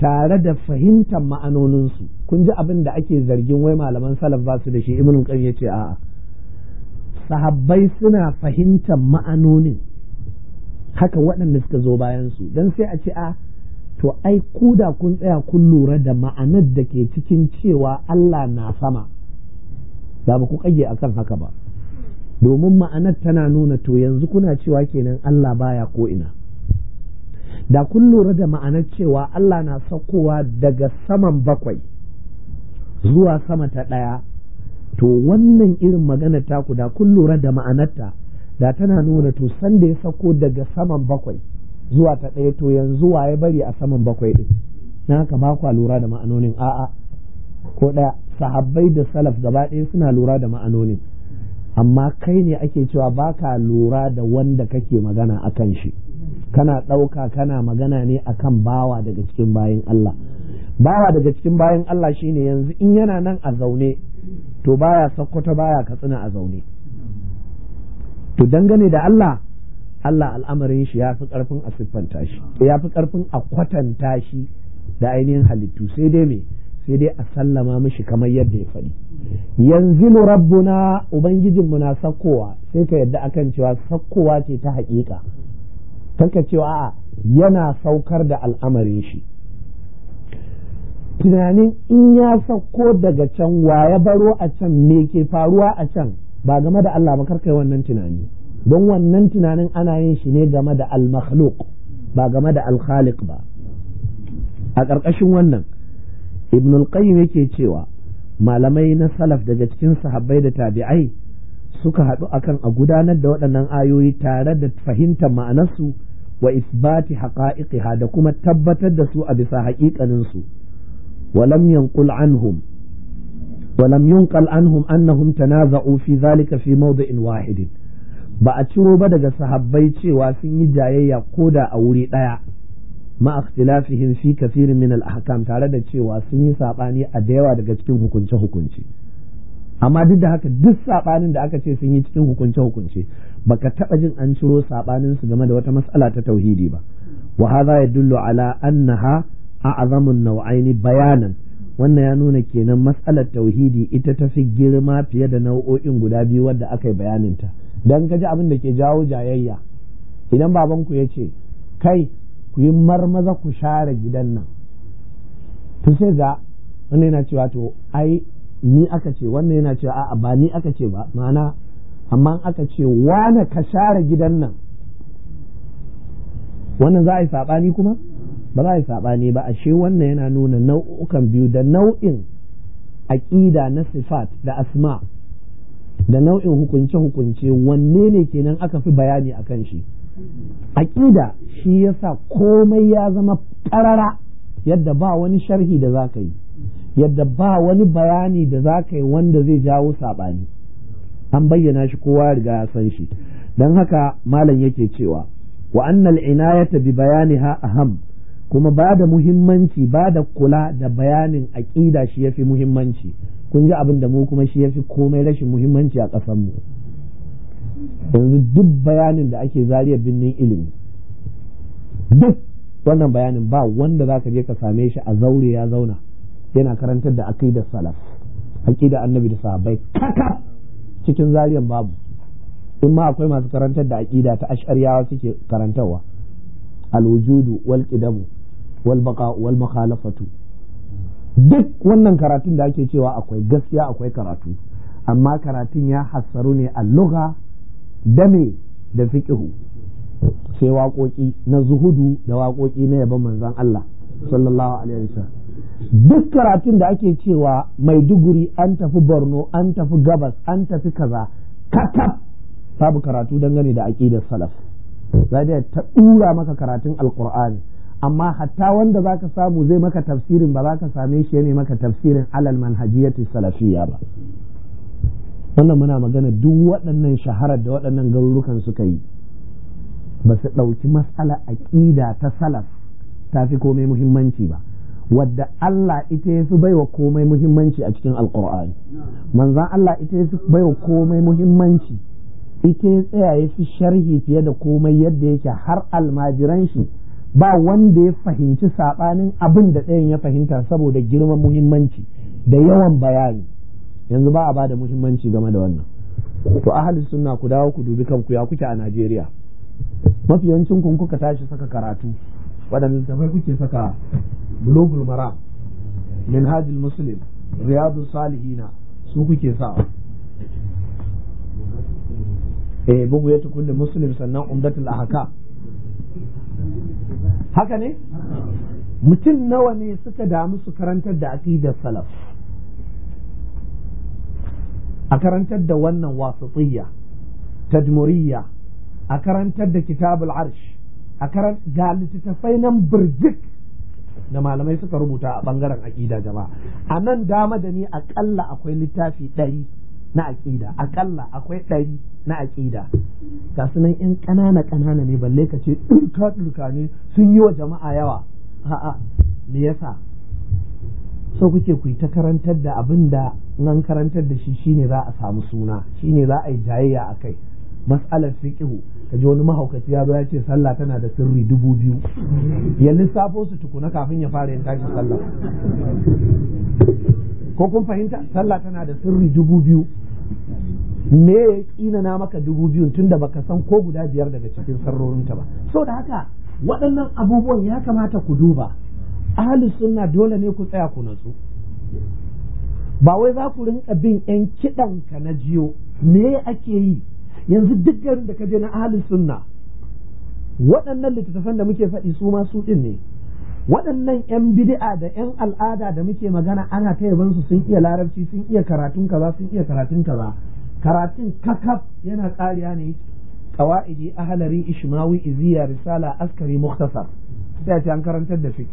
tare da fahimtar ma'anoninsu kun ji abin da ake zargin wai malaman salaf ba su da shi ibnu qayyim ce a'a sahabbai suna fahimtar ma'anonin haka waɗanda suka zo bayan su dan sai a ce a ah, to ai ku da kun tsaya kun lura da ma'anar da ke cikin cewa Allah na sama ba ku kage akan haka ba domin ma'anar tana nuna to yanzu kuna cewa kenan Allah baya ko ina da kun lura da ma'anar cewa Allah na saukowa daga saman bakwai zuwa sama ta ɗaya to wannan irin magana ta ku da kun lura da ma'anarta da tana nuna to sanda ya sauko daga saman bakwai zuwa ta ɗaya to yanzu wa ya bari a saman bakwai ɗin na haka ba kwa lura da ma'anonin a'a ko ɗaya sahabbai da salaf gaba ɗaya suna lura da ma'anonin amma kai ne ake cewa ba ka lura da wanda kake magana a kan shi kana ɗauka kana magana ne a kan bawa daga cikin bayan Allah bawa daga cikin bayan Allah shine yanzu in yana nan a zaune to baya sakkwata baya katsina a zaune to dangane da Allah Allah al'amarin shi ya fi ƙarfin a siffanta shi ya fi ƙarfin a kwatanta shi da ainihin halittu sai dai me sai dai a sallama mishi kamar yadda ya faɗi yanzu rabbuna mu na sakkowa sai ka yadda akan cewa sakkowa ce ta haƙiƙa kanka cewa a'a yana saukar da al'amarin shi tunanin in ya sauko daga can wa ya baro a can me ke faruwa a can ba game da Allah ba yi wannan tunani don wannan tunanin ana yin shi ne game da al-makhluq ba game da al-khaliq ba a ƙarƙashin wannan ibn al-qayyim yake cewa malamai na salaf daga cikin sahabbai da tabi'ai suka haɗu akan a gudanar da waɗannan ayoyi tare da fahimtar ma'anarsu wa isbati haqa'iqiha da kuma tabbatar da su a bisa haƙiƙaninsu walam yanqul anhum ولم ينقل عنهم أنهم تنازعوا في ذلك في موضع واحد ba a ciro ba daga sahabbai cewa sun yi jayayya koda a wuri ɗaya ma ikhtilafihim fi kathirin min al-ahkam tare da cewa sun yi sabani a da yawa daga cikin hukunce hukunce amma duk da haka duk sabanin da aka ce sun yi cikin hukunce hukunce baka taba jin an ciro sabanin su game da wata mas'ala ta tauhidi ba wa hadha yadullu ala annaha a'zamu an-naw'aini bayanan wannan ya nuna kenan matsalar tauhidi ita ta fi girma fiye da nau'o'in guda biyu wadda aka yi bayaninta don ka ji abin da ke jawo jayayya idan babanku ya ce kai ku yi marmaza ku share gidan nan to sai ga wannan yana cewa to ai ni aka ce wannan yana cewa a'a ba ni aka ce ba ma'ana amma aka ce wane ka share gidan nan wannan za a yi saɓani kuma ba za a yi saɓani ba ashe wannan yana nuna nau'ukan biyu da nau'in aƙida na sifat da asma da nau'in hukunce-hukunce wanne ne kenan aka fi bayani a kan shi aƙida shi ya sa komai ya zama ƙarara yadda ba wani sharhi da za ka yi yadda ba wani bayani da za ka yi wanda zai jawo saɓani an bayyana shi kowa riga ya san shi don haka malam yake cewa wa annal inayata bi bayaniha aham kuma ba da muhimmanci ba da kula da bayanin aƙida shi ya fi muhimmanci kun ji abin da mu kuma shi ya fi komai rashin muhimmanci a ƙasanmu yanzu duk bayanin da ake zariya birnin ilimi duk wannan bayanin ba wanda za ka je ka same shi a zaure ya zauna yana karantar da aƙidar salaf aƙidar annabi da sahabbai kaka cikin zariyar babu in ma akwai masu karantar da aƙida ta ash'ariyawa suke karantarwa الوجود wal والبقاء wal duk wannan karatun da ake cewa akwai gaskiya akwai karatu amma karatun ya hassaru ne a lugha da me da fiqhu sai waƙoƙi na zuhudu da waƙoƙi na yabon manzan Allah sallallahu alaihi wasallam duk karatun da ake cewa mai maiduguri an tafi borno an tafi gabas an tafi kaza kakaf babu karatu dangane da aƙidar salaf za ta ɗura maka karatun alkur'ani amma hatta wanda za ka samu zai maka tafsirin ba za ka same shi ne maka tafsirin alal manhajiyyati salafiyya ba wannan muna magana duk waɗannan shaharar da waɗannan garurukan suka yi ba su ɗauki matsala aƙida ta salaf ta fi komai muhimmanci ba wadda Allah ita ya fi baiwa komai muhimmanci a cikin alkur'ani manzan Allah ita ya fi baiwa komai muhimmanci ita ya tsaya ya fi sharhi fiye da komai yadda yake har almajiran shi ba wanda ya fahimci saɓanin abin da ɗayan ya fahimta saboda girman muhimmanci da yawan bayani yanzu ba a ba da muhimmanci game da wannan to ahli sunna ku dawo ku dubi kanku ya kuke a Najeriya mafi yawancin kun kuka tashi saka karatu waɗanda littafai kuke saka global maram minhajul muslim riyadu salihina su kuke sawa eh bugu ya kulli muslim sannan umdatul ahaka haka ne mutum nawa ne suka damu su karantar da aqidar salaf a karantar da wannan wasatiyya tajmuriyya a karantar da kitabul arsh a karan da littattafai nan birjik da malamai suka rubuta a bangaren aqida gaba a nan dama da ni akalla akwai littafi ɗari na aƙida aƙalla akwai ɗari na aƙida ga nan yan ƙanana ƙanana ne balle ka ce ɗurka ɗurka ne sun yi wa jama'a yawa a'a me yasa so kuke ku yi ta karantar da abin da nan karantar da shi shine za a samu suna shine za a yi jayayya a kai mas'alar fiqhu ka ji wani mahaukaci ya zo ya ce sallah tana da sirri dubu biyu ya lissafo su tukuna kafin ya fara yin tashi sallah ko kun fahimta sallah tana da sirri dubu biyu me ya na maka dubu biyu tun da baka san ko guda biyar daga cikin sarrorinta ba so da haka waɗannan abubuwan ya kamata ku duba ahli sunna dole ne ku tsaya ku natsu ba wai za ku rinka bin yan kiɗan ka na jiyo me ake yi yanzu duk garin da ka je na ahli sunna waɗannan littattafan da muke faɗi su ma su ɗin ne waɗannan 'yan bid'a da 'yan al'ada da muke magana ana ta yaban su sun iya larabci sun iya karatun kaza sun iya karatun kaza karatun kakaf yana ƙariya ne qawaidi ahlari ishmawi iziya risala askari muktasar sai ce an karantar da fiqh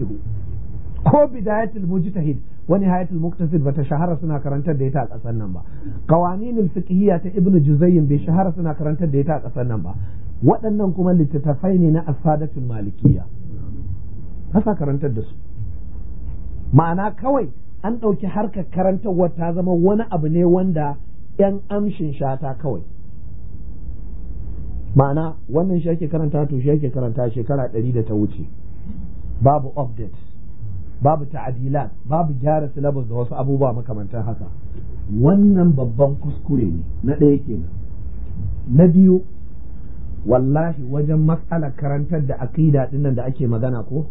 ko bidayatul mujtahid wa nihayatul muktasid bata shahara suna karantar da ita a ƙasar nan ba qawaninul fiqhiyya ta ibnu juzayyin bai shahara suna karantar da ita a ƙasar nan ba waɗannan kuma littattafai ne na asadatul malikiyya ba karantar da su ma'ana kawai an ɗauki harkar karantarwar ta zama wani abu ne wanda 'yan amshin shata kawai ma'ana wannan shi ake karanta to shi ake karanta shekara ɗari da ta wuce babu update babu ta'adilat babu gyara syllabus da wasu abubuwa makamantar haka wannan babban kuskure ne na ɗaya kenan na biyu wallahi wajen matsalar karantar da aƙida ɗinnan da ake magana ko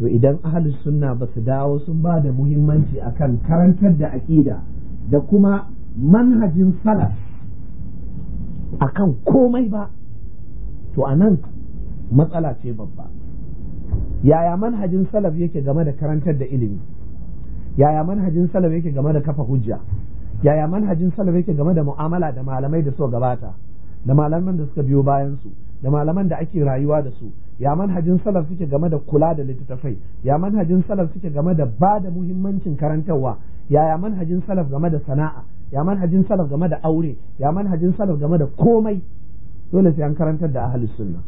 to idan ahalus sunna ba su dawo sun ba da muhimmanci akan karantar da aƙida da kuma manhajin salaf akan komai ba to a nan matsala ce babba yaya manhajin salaf yake game da karantar da ilimi yaya manhajin salaf yake game da kafa hujja yaya manhajin salaf yake game da mu'amala da malamai da so gabata da malaman da suka biyo bayan su da malaman da ake rayuwa da su ya manhajin salaf suke game da kula da littattafai ya manhajin salaf suke game da ba da muhimmancin karantarwa ya manhajin salaf game da sana'a ya manhajin salaf game da aure ya manhajin salaf game da komai dole sai an karantar da ahlus sunna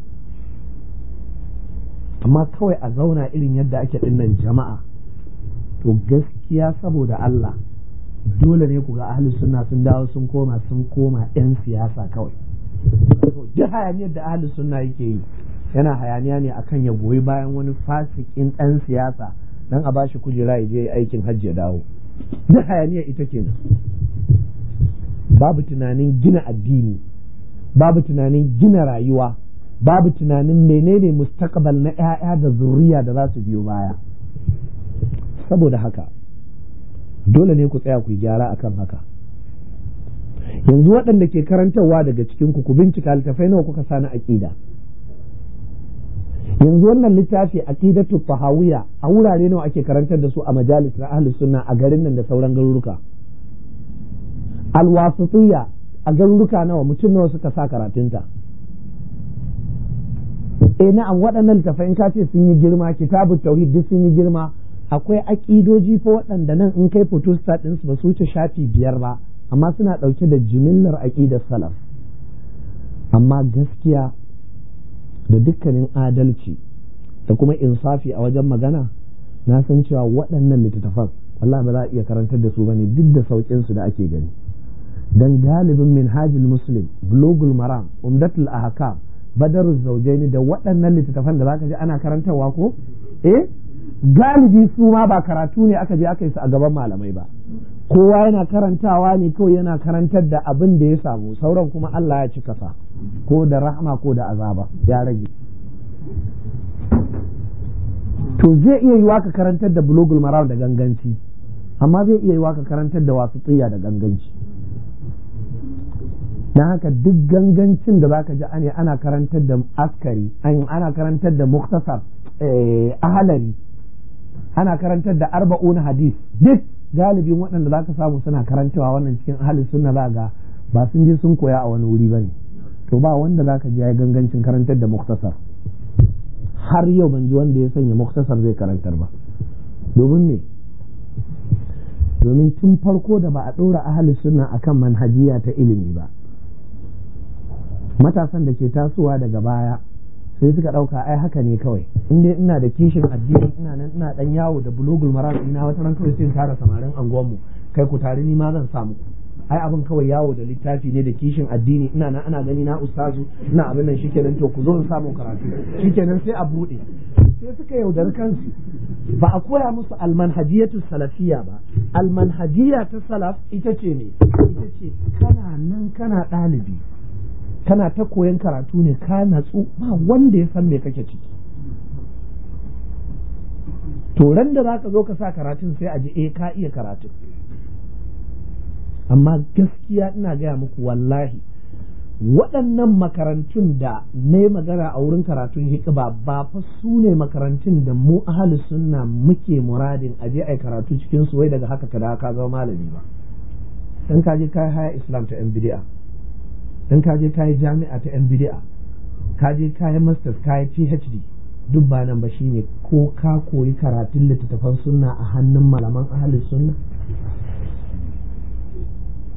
amma kawai a zauna irin yadda ake dinnan jama'a to gaskiya saboda Allah dole ne ku ga ahlus sunna sun dawo sun koma sun koma yan siyasa kawai duk hayaniyar da sunna yake yi yana hayaniya ne akan ya goyi bayan wani fasikin ɗan siyasa dan a bashi kujera ya je aikin hajji ya dawo da hayaniya ita kenan babu tunanin gina addini babu tunanin gina rayuwa babu tunanin menene mustaqbal na 'ya'ya da zuriya da za su biyo baya saboda haka dole ne ku tsaya ku gyara akan haka yanzu waɗanda ke karantarwa daga cikin ku bincika littafai nawa kuka sa na aƙida yanzu wannan littafi aqidatu fahawiya a wurare nawa ake karantar da su a majalis na ahli sunna a garin nan da sauran garuruka alwasitiyya a garuruka nawa mutum nawa suka sa karatunta eh na'am waɗannan littafai in ka ce sun yi girma kitabut tauhid duk sun yi girma akwai aƙidoji fa waɗanda nan in kai din su ba su wuce shafi biyar ba amma suna ɗauke da jimillar aƙidar salaf amma gaskiya da dukkanin adalci da kuma insafi a wajen magana na san cewa waɗannan littattafan Allah ba za a iya karantar da su ba ne duk da saukin su da ake gani dan galibin minhajul muslim bulugul maram umdatul ahkam badarul zawjaini da waɗannan littattafan da zaka ji ana karantarwa ko eh galibi su ma ba karatu ne aka je aka yi su a gaban malamai ba kowa yana karantawa ne kawai yana karantar da abin da ya samu sauran kuma Allah ya cika sa ko da rahama ko da azaba ya rage to zai iya yiwa ka karantar da bulogul marar da ganganci amma zai iya yiwa ka karantar da wasu tsiya da ganganci na haka duk gangancin da zaka ji ne ana karantar da askari ana karantar da muktasar eh, ahalari ana karantar da arba'un hadis duk galibin waɗanda zaka samu suna karantawa wannan cikin ahalin sunna za ga ba sun je sun koya a wani wuri ba ne. to ba wanda zaka ji yayi gangancin karantar da muktasar har yau ban ji wanda ya sanya muktasar zai karantar ba domin me domin tun farko da ba a ɗora ahalin suna kan manhajiya ta ilimi ba matasan da ke tasowa daga baya sai suka ɗauka ai haka ne kawai inda ina da kishin addini ina nan ina dan yawo da bulogul mara ina wata ran kawai sai tara samarin anguwanmu kai ku tare ni ma zan samu ai abin kawai yawo da littafi ne da kishin addini ina nan ana gani na ustazu ina abin nan shikenan to ku zo in samu karatu shikenan sai a bude sai suka yaudar kansu ba a koya musu almanhajiyatu salafiyya ba almanhajiya ta salaf ita ce ne ita ce kana nan kana ɗalibi kana ta koyan karatu ne ka natsu ba wanda ya san me kake ciki to ran da za zo ka sa karatun sai a ji eh ka iya karatun amma gaskiya ina gaya muku wallahi waɗannan makarantun da na yi magana a wurin karatun hikima ba fa su ne makarantun da mu ahli sunna muke muradin aje ai karatu cikin su wai daga haka kada ka zama malami ba dan ka je kai haya islam ta yan bid'a dan ka je jami'a ta yan bid'a ka je kai masters kai phd duk ba nan ba shine ko ka koyi karatun littattafan sunna a hannun malaman ahli sunna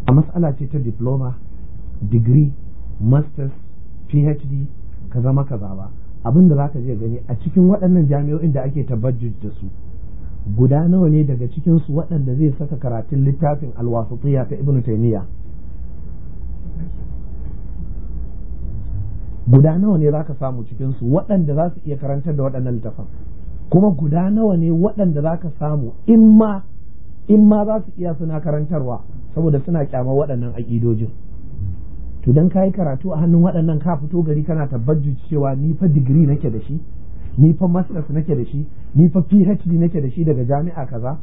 a matsala ce ta diploma degree masters phd ka zama kaza ba abin da zaka je gani a cikin waɗannan jami'o'in da ake tabajjud da su guda nawa ne daga cikin su waɗanda zai saka karatun littafin alwasatiyya ta ibnu taymiya guda nawa ne zaka samu cikin su waɗanda za su iya karantar da waɗannan littafan kuma guda nawa ne waɗanda zaka samu in ma za su iya suna karantarwa saboda suna kyamar waɗannan aƙidojin to dan kayi karatu a hannun waɗannan ka fito gari kana tabbaci cewa ni fa digiri nake da shi ni fa masters nake da shi ni fa phd nake da shi daga jami'a kaza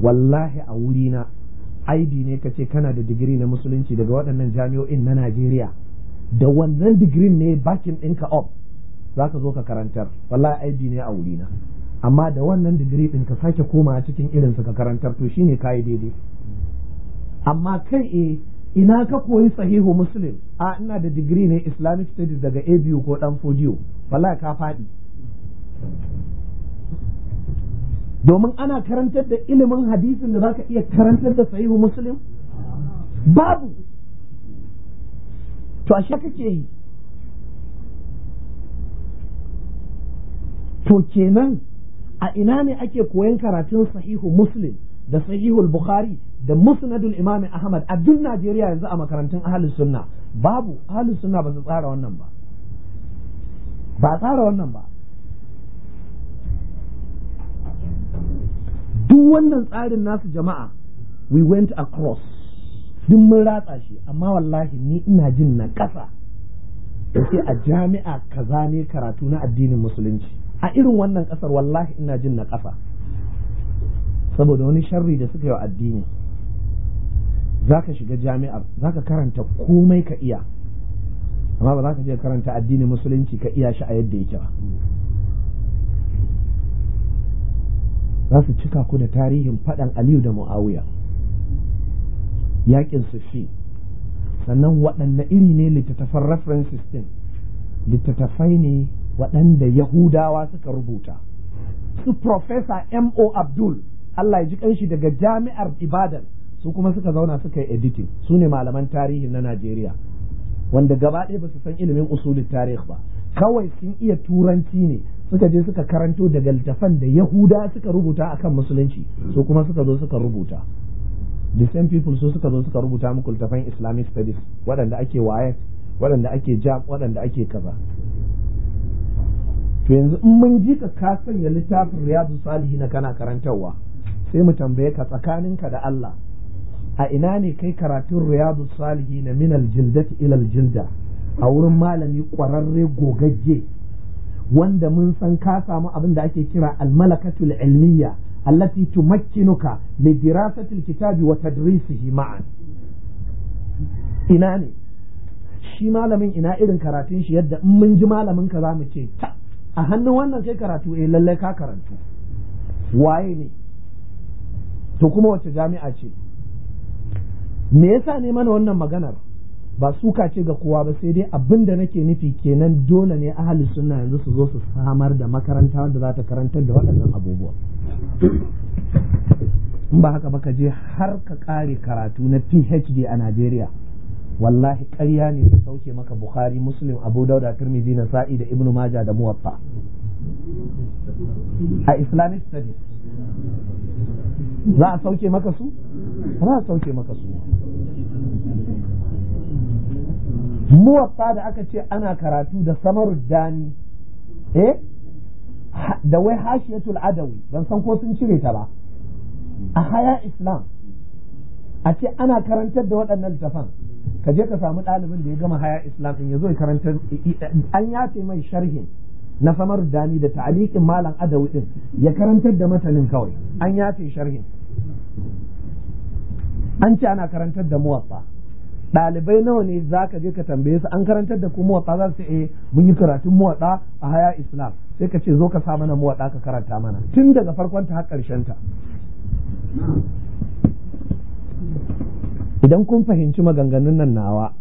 wallahi a wuri na ib ne ka ce kana da digiri na musulunci daga waɗannan jami'o'in na najeriya da wannan digirin ne bakin ɗinka up za ka zo ka karantar wallahi ib ne a wuri na amma da wannan digiri ɗin ka sake koma cikin irinsa ka karantar to shine kayi daidai amma kai e ina ka koyi sahihu muslim a ina da digiri ne islamic studies daga abu ko dan fojiyo bala ka faɗi domin ana karantar da ilimin hadisin da zaka iya karantar da sahihu muslim babu to ashe kake yi to kenan a ina ne ake koyan karatun sahihu muslim da Sahihu bukhari da musnadul Imami ahmad a duk najeriya yanzu a makarantun ahlus sunna babu ahlus sunna ba su tsara wannan ba ba tsara wannan ba duk wannan tsarin nasu jama'a we went across duk mun ratsa shi amma wallahi ni ina jin na ƙasa sai a jami'a kaza ne karatu na addinin musulunci a irin wannan ƙasar wallahi ina jin na kafa saboda wani sharri da suka yi wa addini za ka shiga jami'ar za ka karanta komai ka iya amma ba za ka je karanta addinin musulunci ka iya shi a yadda yake ba za su cika ku da tarihin faɗan aliyu da mu'awiya yaƙin fi sannan waɗanne iri ne littattafan references din littattafai ne waɗanda yahudawa suka rubuta su professor mo abdul allah ya ji kanshi daga jami'ar ibadan su kuma suka zauna suka yi editing su ne malaman tarihi na najeriya wanda gaba ɗaya ba su san ilimin usulin tarih ba kawai sun iya turanci ne suka je suka karanto daga littafan da yahuda suka rubuta akan musulunci su kuma suka zo suka rubuta the same people su suka zo suka rubuta muku littafan islamic studies waɗanda ake waye waɗanda ake jam waɗanda ake kaza to yanzu in mun ji ka ka sanya littafin riyadu Salihi na kana karantarwa sai mu tambaye ka tsakaninka da Allah a ina ne kai karatun riyadu Salihi na min aljildati ila aljilda a wurin malami kwararre gogagge wanda mun san ka samu abin da ake kira almalakatul ilmiya allati tumakkinuka li dirasati alkitabi wa tadrisihi ma'an ina ne shi malamin ina irin karatun shi yadda in mun ji malamin ka zamu ce ta a hannun wannan kai karatu eh lallai ka karantu waye ne to kuma wace jami'a ce me yasa ne mana wannan maganar ba suka ce ga kowa ba sai dai abin da nake nufi kenan dole ne ahli sunna yanzu su zo su samar da makaranta wanda za ta karantar da waɗannan abubuwa in ba haka ba ka je har ka ƙare karatu na PhD a Najeriya wallahi ƙarya ne su sauke maka bukhari muslim abu dauda tirmidhi na sa'i da ibnu maja da muwatta a islamic studies za a sauke maka su za a sauke maka su muwatta da aka ce ana karatu da samar dani eh da wai hashiyatul adawi ban san ko sun cire ta ba a haya islam a ce ana karantar da waɗannan littafan ka je ka samu ɗalibin da ya gama haya islam in ya zo ya karanta an yace mai sharhin na samar dani da ta'alikin malam adawi din ya karantar da matanin kawai an yace sharhin an ce ana karantar da muwaffa ɗalibai nawa ne za ka je ka tambaye su an karantar da ku muwaffa za su eh mun yi karatun muwaɗa a haya islam sai ka ce zo ka sa mana muwaɗa ka karanta mana tun daga farkon ta har karshen ta idan kun fahimci maganganun nan nawa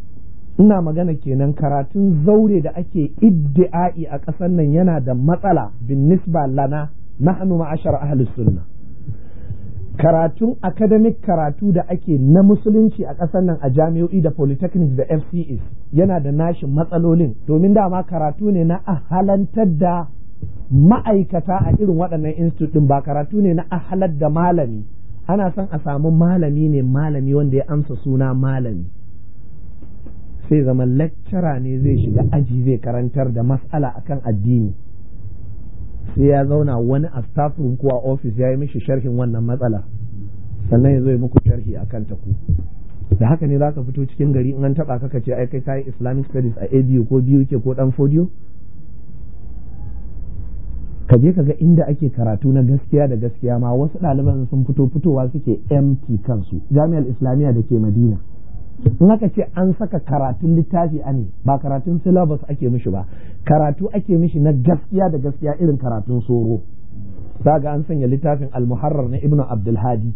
ina magana kenan karatun zaure da ake iddi'ai a ƙasar nan yana da matsala bin nisba lana na hannu ma'ashar ahalus sunna karatun academic karatu da ake na musulunci a ƙasar nan a jami'o'i da polytechnic da fcs yana da nashi matsalolin domin dama karatu ne na ahalantar da ma'aikata a irin waɗannan institute ba karatu ne na ahalar da malami ana son a samu malami ne malami wanda ya amsa suna malami sai zama lecturer ne zai shiga aji zai karantar da mas'ala akan addini sai ya zauna wani a staff room ko a office ya yi mishi sharhin wannan matsala sannan ya zo ya muku sharhi akan ta ku da haka ne za ka fito cikin gari in an taba ka ce ai kai islamic studies a abu ko biyu ko dan fodio ka je ka ga inda ake karatu na gaskiya da gaskiya ma wasu ɗaliban sun fito fitowa suke mt kansu jami'ar islamiyya da ke madina in aka ce an saka karatun littafi a ne ba karatun syllabus ake mishi ba karatu ake mishi na gaskiya da gaskiya irin karatun soro za ga an sanya littafin al-muharrar na ibnu abdulhadi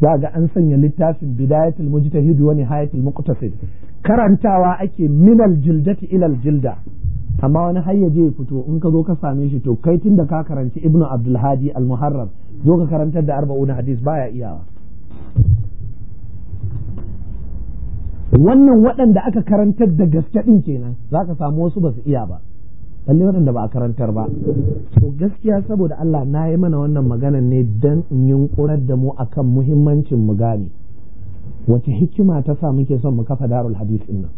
za ga an sanya littafin bidayatul mujtahid wa nihayatul muqtasid karantawa ake minal jildati ilal jilda amma wani har je fito in ka zo ka same shi to kai tun da ka karanci ibnu abdulhadi al muharrab zo ka karantar da arba'un hadis baya iyawa wannan waɗanda aka karantar da gaske ɗin kenan za ka samu wasu ba su iya ba balle waɗanda ba a karantar ba to gaskiya saboda Allah na yi mana wannan magana ne dan in yunƙurar da mu akan muhimmancin mu gane wace hikima ta sa muke son mu kafa darul hadis din nan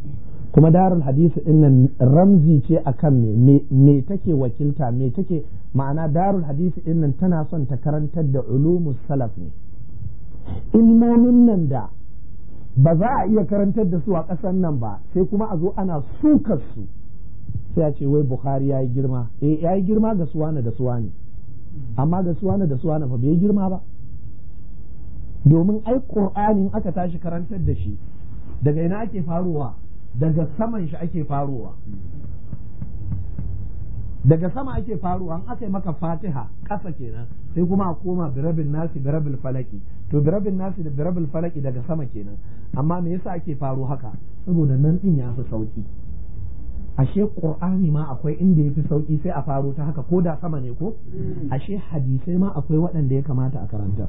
kuma darul hadisi dinnan ramzi ce akan me me take wakilta me take ma'ana darul hadisi dinnan tana son ta karantar da ulumus salaf ne ilmomin nan da ba za a iya karantar da su a kasan nan ba sai kuma a zo ana sukar su sai a ce wai bukhari ya yi girma eh ya girma ga suwana da suwani amma ga suwana da suwana fa bai girma ba domin ai qur'anin aka tashi karantar da shi daga ina ake faruwa daga saman shi ake farowa daga sama ake faruwa an aka yi maka fatiha ƙasa kenan sai kuma a koma birabin nasi birabil falaki to birabin nasi da birabil falaki daga sama kenan amma me yasa ake faru haka saboda nan din ya fi sauki ashe qur'ani ma akwai inda ya fi sauki sai a faro ta haka ko da sama ne ko ashe hadisai ma akwai waɗanda ya kamata a karanta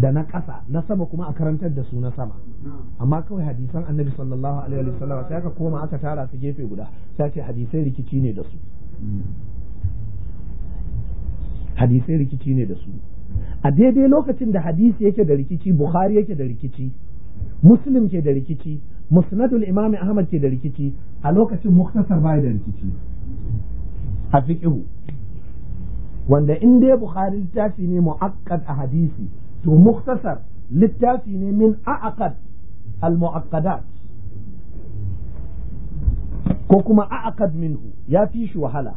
da na ƙasa na sama kuma a karantar da su na sama amma kawai hadisan annabi sallallahu alaihi wa sallam sai aka koma aka tara su gefe guda sai ce hadisai rikici ne da su hadisai rikici ne da su a daidai lokacin da hadisi yake da rikici bukhari yake da rikici muslim ke da rikici musnadul imami ahmad ke da rikici a lokacin muktasar bai da rikici a fiqhu wanda in dai bukhari tashi ne mu'akkad a hadisi to muktasar littafi ne min a'aqad al-mu'aqqadat ko kuma a'aqad minhu ya fi shi wahala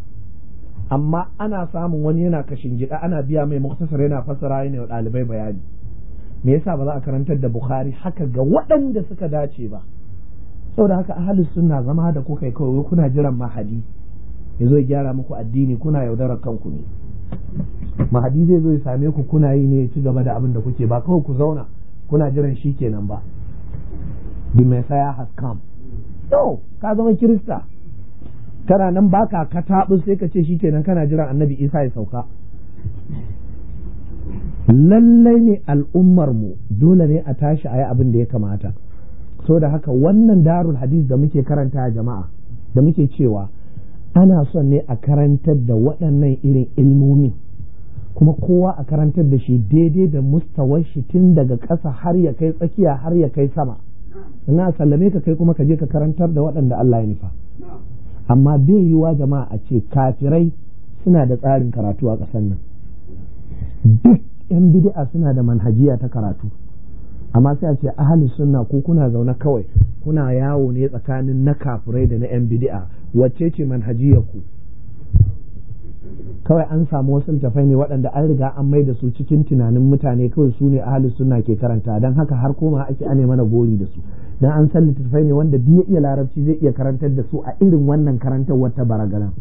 amma ana samun wani yana kashin gida ana biya mai muktasar yana fassara yana wa dalibai bayani me yasa ba za a karantar da bukhari haka ga waɗanda suka dace ba saboda haka ahlus sunna zama da kuka yi kawai kuna jiran mahadi ya gyara muku addini kuna yaudarar kanku ne mahadi zai zo ya same ku kuna yi ne ya ci gaba da abin da kuke ba kawai ku zauna kuna jiran shi kenan ba the messiah has come to ka zama kirista kana nan baka ka tabu sai ka ce shi kenan kana jiran annabi isa ya sauka lallai ne al'ummar mu dole ne a tashi a yi abin da ya kamata so da haka wannan darul hadis da muke karanta jama'a da muke cewa ana son ne a karantar da waɗannan irin ilmomi kuma kowa a karantar da shi daidai da mustawar shi tun daga ƙasa har ya kai tsakiya har ya kai sama na sallame ka kai kuma ka je ka karantar da waɗanda Allah ya nufa amma bai yiwa jama'a a ce kafirai suna da tsarin karatu a ƙasar nan duk yan bidi'a suna da manhajiya ta karatu amma sai a ce ahalin sunna ko kuna zaune kawai kuna yawo ne tsakanin na kafirai da na yan bidi'a. wacce ce manhajiyarku kawai an samu wasu littafai ne waɗanda an riga an mai da su cikin tunanin mutane kawai su ne ahli suna ke karanta don haka har koma ake ane mana gori da su don an san littattafai ne wanda ya iya larabci zai iya karantar da su a irin wannan karantar wata baragana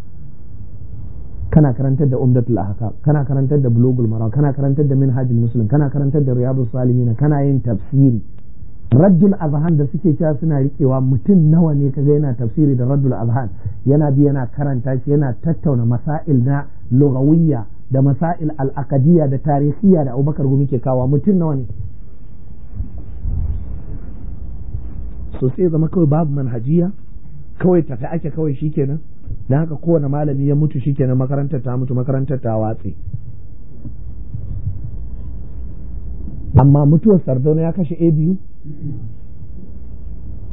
kana karantar da umdatul ahka kana karantar da bulugul mara kana karantar da minhajul muslim kana karantar da riyadus salihin kana yin tafsiri raddul azhan da suke cewa suna riƙewa mutum nawa ne kaga yana tafsiri da raddul azhan yana bi yana karanta shi yana tattauna masail na lugawiyya da masail al-aqadiyya da tarihiyya da Abubakar Gumi ke kawo mutum nawa ne so sai zama kawai babu manhajiya kawai tafi ake kawai shikenan dan haka kowane malami ya mutu shikenan makarantar ta mutu makarantar ta watsi. amma mutuwar sardauna ya kashe a biyu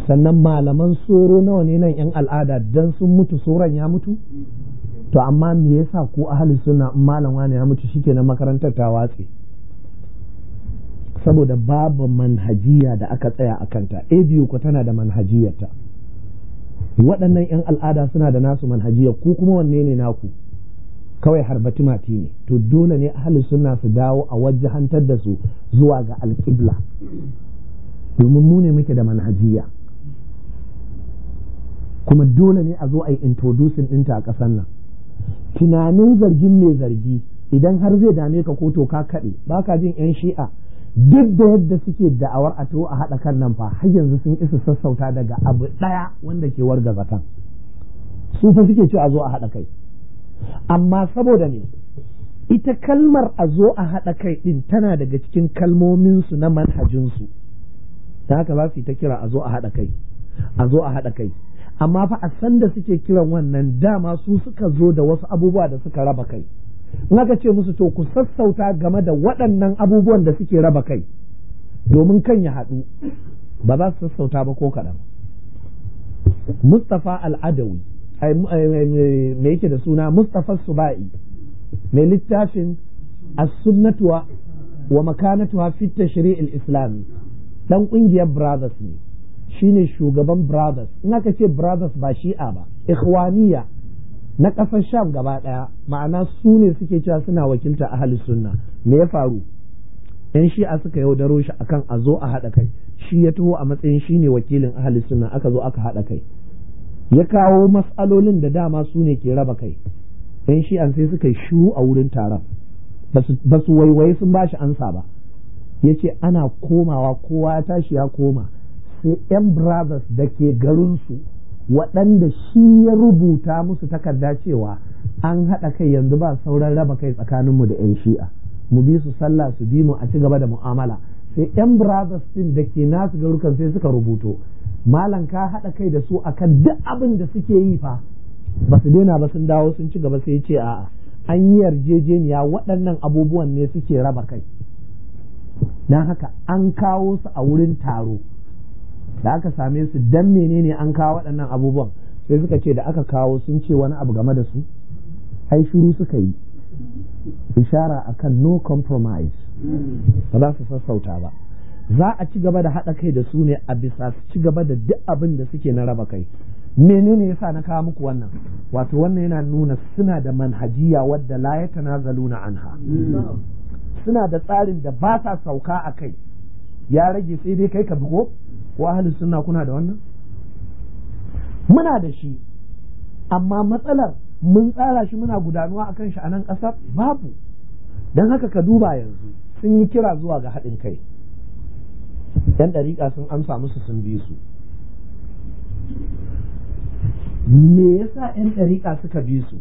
sannan malaman tsoro nawa ne nan yan al'ada dan sun mutu tsoron ya mutu to amma me yasa ko ahli suna malama wani ya mutu na makarantar ta watse saboda babu manhajiya da aka tsaya a kanta a biyu ku tana da manhajiyarta waɗannan 'yan al'ada suna da nasu manhajiya ku kuma wanne ne naku kawai harbati mati ne to dole ne ahli suna su dawo a wajen hantar da su zuwa ga alƙibla domin mu ne muke da manhajiya kuma dole ne a zo a yi introducing ɗinta a ƙasar nan tunanin zargin mai zargi idan har zai dame ka ko ka kaɗe ba ka jin 'yan shi'a duk da yadda suke da'awar a to a haɗa kan nan fa har yanzu sun isa sassauta daga abu ɗaya wanda ke warga zaton su fa suke ce a zo a haɗa kai amma saboda ne ita kalmar a zo a haɗa kai ɗin tana daga cikin kalmomin su na manhajinsu ta haka za su yi ta kira a zo a haɗa kai a zo a haɗa kai amma fa a san da suke kiran wannan dama su suka zo da wasu abubuwa da suka raba kai in aka ce musu to ku sassauta game da waɗannan abubuwan da suke raba kai domin kan ya haɗu ba za su sassauta ba ko kaɗan Mustapha al'adawi me yake da suna Mustapha Suba'i mai littafin as-sunnatu wa makanatuha fi tashri'il islami dan kungiyar brothers ne shine shugaban brothers in aka ce brothers ba shi'a ba ikhwaniya na ƙasar sham gaba daya ma'ana su ne suke cewa suna wakilta ahli sunna me ya faru yan shi'a suka yaudaro shi akan a zo a haɗa kai shi ya tuho a matsayin shine wakilin ahli sunna aka zo aka haɗa kai ya kawo mas'alolin da dama su ne ke raba kai yan shi'an sai suka yi shiru a wurin taron ba su waiwaye sun ba shi ansa ba ya ce ana komawa kowa ya tashi ya koma sai 'yan brothers da ke garinsu waɗanda shi ya rubuta musu takarda cewa an haɗa kai yanzu ba sauran raba kai tsakaninmu da 'yan shi'a mu bi su sallah su bi mu a ci gaba da mu'amala sai 'yan brothers din da ke nasu garukan sai suka rubuto malam ka haɗa kai da su akan duk abin da suke yi fa ba su daina ba sun dawo sun ci gaba sai ce a'a an yi yarjejeniya waɗannan abubuwan ne suke raba kai don haka an kawo su a wurin taro da aka same su dan menene an kawo waɗannan abubuwan sai suka ce da aka kawo sun ce wani abu game da su ai shiru suka yi ishara akan no compromise ba za su sassauta ba za a ci gaba da haɗa kai da su ne a bisa su ci gaba da duk abin da suke na raba kai menene yasa na kawo muku wannan wato wannan yana nuna suna da manhajiya wadda la ya na anha suna da tsarin da ba sa sauka a kai ya rage sai dai kai ka buko ko ahalin sunna kuna da wannan muna da shi amma matsalar mun tsara shi muna gudanuwa a kan shi a nan ƙasar babu don haka ka duba yanzu sun yi kira zuwa ga haɗin kai yan ɗariƙa sun amsa musu sun bi su me yasa yan ɗariƙa suka bi su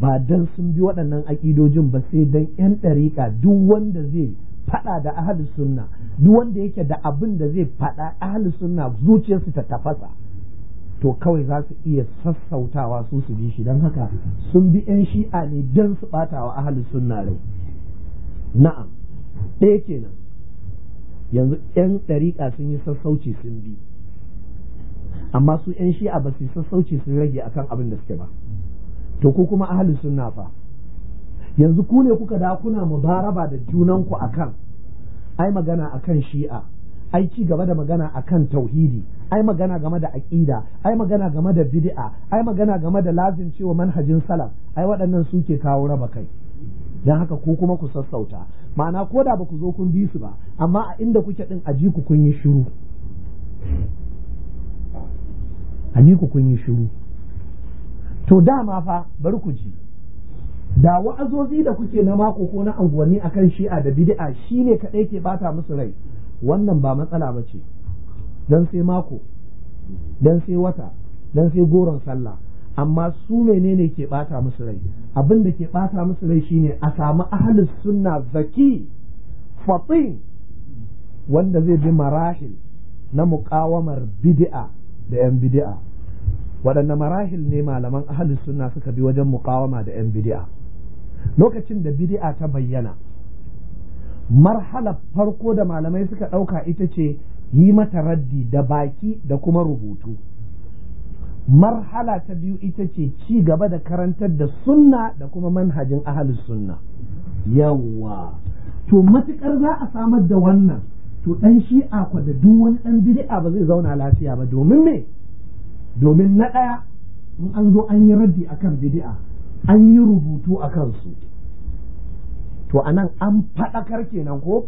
ba dan sun bi waɗannan aƙidojin ba sai dan yan ɗariƙa duk wanda zai faɗa da ahli sunna duk wanda yake da abin da zai faɗa ahli sunna zuciyarsu ta tafasa to kawai za su iya sassautawa su su bi shi don haka sun bi 'yan shi'a ne don su ɓata wa ahalus sunna rai na'am ɗaya kenan yanzu 'yan ɗariƙa sun yi sassauci sun bi amma su 'yan shi'a ba su sassauci sun rage akan abin da suke ba to ku kuma ahli sunna fa yanzu ku ne kuka da kuna mubaraba da junanku akan ai magana akan shi'a ai ci gaba da magana akan tauhidi ai magana game da aqida ai magana game da bid'a ai magana game da lazim cewa manhajin salaf ai waɗannan suke kawo raba kai dan haka ko kuma ku sassauta ma'ana ko da ba ku zo kun bi su ba amma a inda kuke din aji ku kun yi shiru aji ku kun yi shiru to dama fa bari ku ji da wa'azozi da kuke na mako ko na anguwanni akan shi'a da bid'a shine kadai ke bata musu rai wannan ba matsala bace dan sai mako dan sai wata dan sai goron sallah amma su menene ke bata musu rai abin da ke bata musu rai shine a samu ahlus sunna zaki fatin wanda zai bi marahil na muƙawamar bid'a da 'yan bid'a waɗanne marahil ne malaman ahalin suna suka bi wajen muƙawama da 'yan bidi'a lokacin da bidi'a ta bayyana marhala farko da malamai suka ɗauka ita ce yi mata raddi da baki da kuma rubutu marhala ta biyu ita ce ci gaba da karantar da sunna da kuma manhajin ahalin sunna yawwa to matukar za a samar da wannan to ɗan shi'a kwa da duk wani ɗan bidi'a ba zai zauna lafiya ba domin me domin na ɗaya in an zo an yi raddi a kan bidi'a an yi rubutu a kansu to a nan an faɗakar kenan ko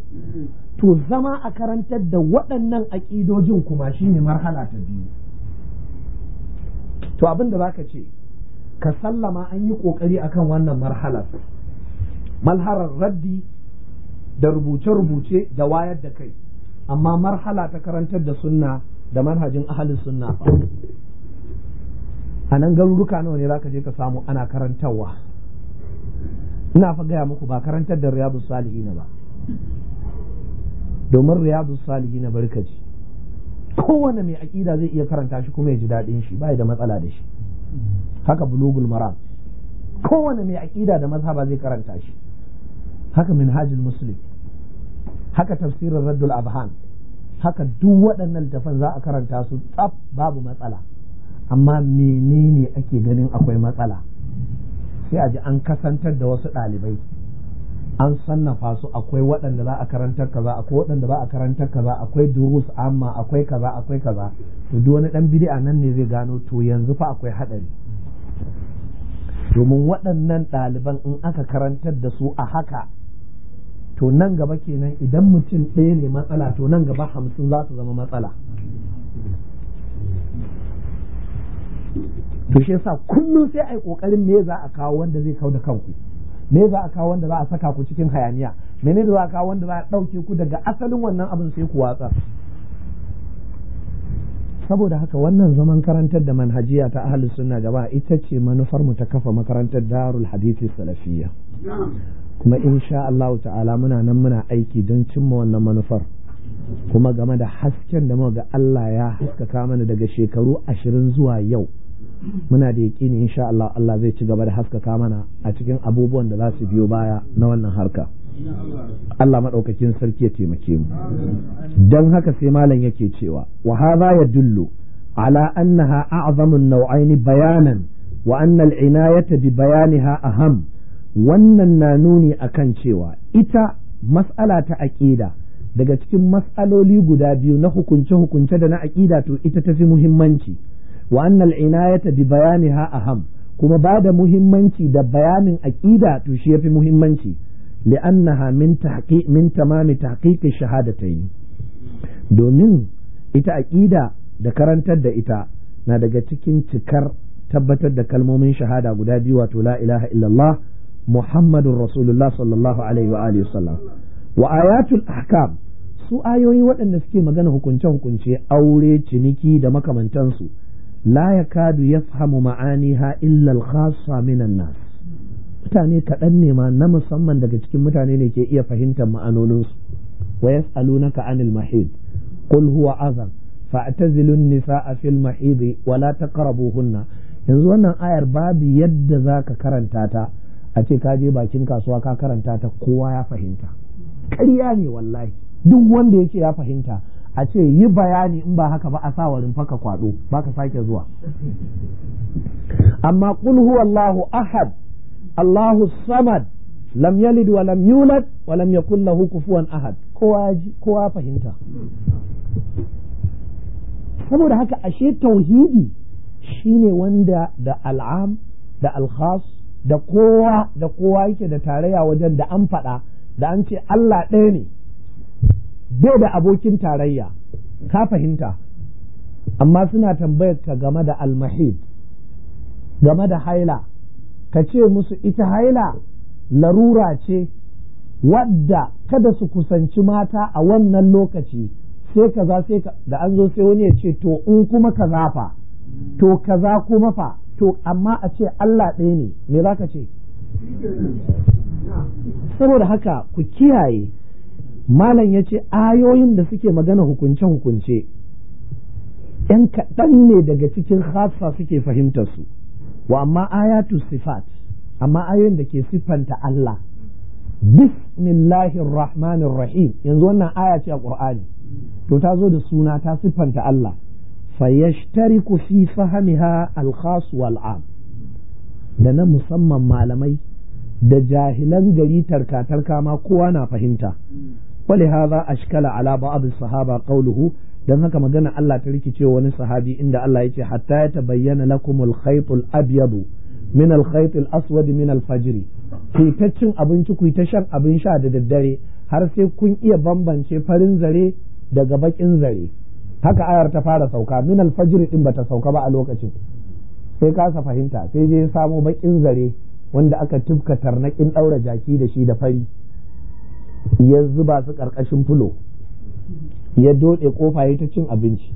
to zama a karantar da waɗannan aƙidojin kuma ne marhala ta biyu to abin da baka ce ka sallama an yi ƙoƙari a kan wannan marhalar malharar raddi da rubuce-rubuce da wayar da kai amma marhala ta karantar da sunna da manhajin ahalin sunna a nan garuruka nawa ne zaka je ka samu ana karantarwa ina fa gaya muku ba karantar da riyadu na ba domin riyadu salihina barkaci kowane mai aƙida zai iya karanta shi kuma ya ji daɗin shi ba da matsala da shi haka bulugul maram kowane mai aƙida da mazhaba zai karanta shi haka minhajul muslim haka tafsirin raddul abhan haka duk waɗannan tafan za a karanta su tsaf babu matsala amma menene ake ganin akwai matsala sai a ji an kasantar da wasu ɗalibai an sannafa su akwai waɗanda za a karantar kaza akwai waɗanda ba a karantar kaza akwai durus amma akwai kaza akwai kaza to duk wani ɗan bid'a nan ne zai gano to yanzu fa akwai haɗari domin waɗannan ɗaliban in aka karantar da su a haka to nan gaba kenan idan mutum ɗaya ne matsala to nan gaba hamsin za su zama matsala to shi yasa kullum sai ai kokarin me za a kawo wanda zai kau da kanku me za a kawo wanda za a saka ku cikin hayaniya mene da za a kawo wanda za a dauke ku daga asalin wannan abin sai ku watsa saboda haka wannan zaman karantar da manhajiya ta ahlus sunna gaba ita ce manufar mu ta kafa makarantar darul hadisi salafiyya kuma insha Allah ta'ala muna nan muna aiki don cimma wannan manufar kuma game da hasken da muka ga Allah ya haskaka mana daga shekaru ashirin zuwa yau muna da yaƙini insha Allah Allah zai ci gaba da haskaka mana a cikin abubuwan da za su biyo baya na wannan harka Allah maɗaukakin sarki ya taimake mu don haka sai malam yake cewa wa ya yadullu ala annaha a'zamu an-naw'ain bayanan wa ya al bayani ha a ham? wannan na nuni a kan cewa ita mas'ala ta aqida daga cikin mas'aloli guda biyu na hukunce-hukunce da na aƙida to ita ta fi muhimmanci wa'annan wa annal inayata bi bayaniha ham kuma ba da muhimmanci da bayanin aƙida to shi yafi muhimmanci li'annaha min tahqiq min tamami tahqiqi shahadatayn domin ita aƙida da karantar da ita na daga cikin cikar tabbatar da kalmomin shahada guda biyu wato la ilaha illallah muhammadun rasulullah sallallahu alaihi wa alihi sallam wa ayatul ahkam su ayoyi waɗanda suke magana hukunce hukunce aure ciniki da makamantansu layakadu yakadu yafhamu ma'ani ha illal khassa minan nas mutane kaɗan ne ma na musamman daga cikin mutane ne ke iya fahimtar ma'anoninsu wa yas'alunaka anil mahid qul huwa azan nisa a fil mahid wa la hunna yanzu wannan ayar babu yadda zaka karanta ta a ce ka je bakin kasuwa ka karanta ta kowa ya fahimta ƙarya ne wallahi duk wanda yake ya fahimta a ce yi bayani in ba haka ba a sa warin faka kwado ba ka sake zuwa amma qul huwallahu ahad allahu samad lam yalid wa lam yulad wa lam yakul lahu kufuwan ahad kowa kowa fahimta saboda haka ashe tauhidi shine wanda da al'am da alkhas da kowa da kowa yake da tarayya wajen da an faɗa da an ce Allah ɗaya ne bai da abokin tarayya ka fahimta amma suna tambayar ka game da almahid game da haila ka ce musu ita haila larura ce wadda kada su kusanci mata a wannan lokaci sai kaza sai da an zo sai wani ya ce to in kuma kaza fa to kaza kuma fa to amma a ce Allah ɗaya ne me za ka ce *laughs* saboda haka ku kiyaye malam ya ce ayoyin da suke magana hukunce-hukunce ‘yan kaɗan ne daga cikin hassa suke fahimtar su wa amma ayatu sifat amma ayoyin da ke siffanta Allah bismillahir rahmanir rahim yanzu wannan aya ce a ƙur'ani to ta zo da suna ta siffanta Allah ku fi fahamiha alkhas wal am da na musamman malamai da jahilan gari tarka-tarka ma kowa na fahimta wali hadha ashkala ala ba'd sahaba qawluhu dan haka magana Allah ta rikice wani sahabi inda Allah yace hatta ya tabayyana lakumul khaytul abyadu min al khaytil aswad min al fajr ku ta cin abinci ku ta shan abin sha da daddare har sai kun iya bambance farin zare daga bakin zare haka ayar ta fara sauka min al fajr din bata sauka ba a lokacin sai kasa fahimta sai je samo bakin zare wanda aka tubka tarnaƙin ɗaura jaki da shi da fari ya zuba su ƙarƙashin fulo ya doɗe ƙofa ya ta cin abinci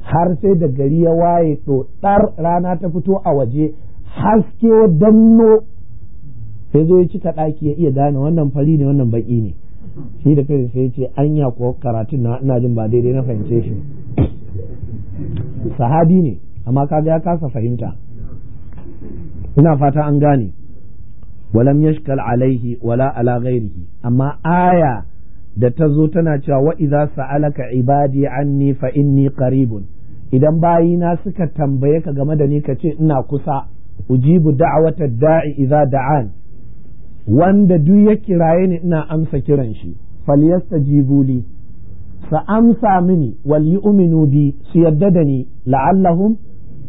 har sai da gari ya waye ɗar rana ta fito a waje haske danno sai zo ya cika ɗaki ya iya gane wannan fari ne wannan baƙi ne shi da kai sai ce anya kuwa karatun na ina jin ba daidai na fahimce shi sahabi ne amma kaga ya kasa fahimta ina fata an gane walam yashkal alaihi wala ala ghairihi amma aya da ta zo tana cewa wa idza sa'alaka ibadi anni fa inni idan bayi na suka tambaye ka game da ni ka ina kusa ujibu da'wata da'i idza da'an wanda duk ya kiraye ni ina amsa kiran shi falyastajibu li sa amsa mini wal yu'minu bi su yadda da ni la'allahum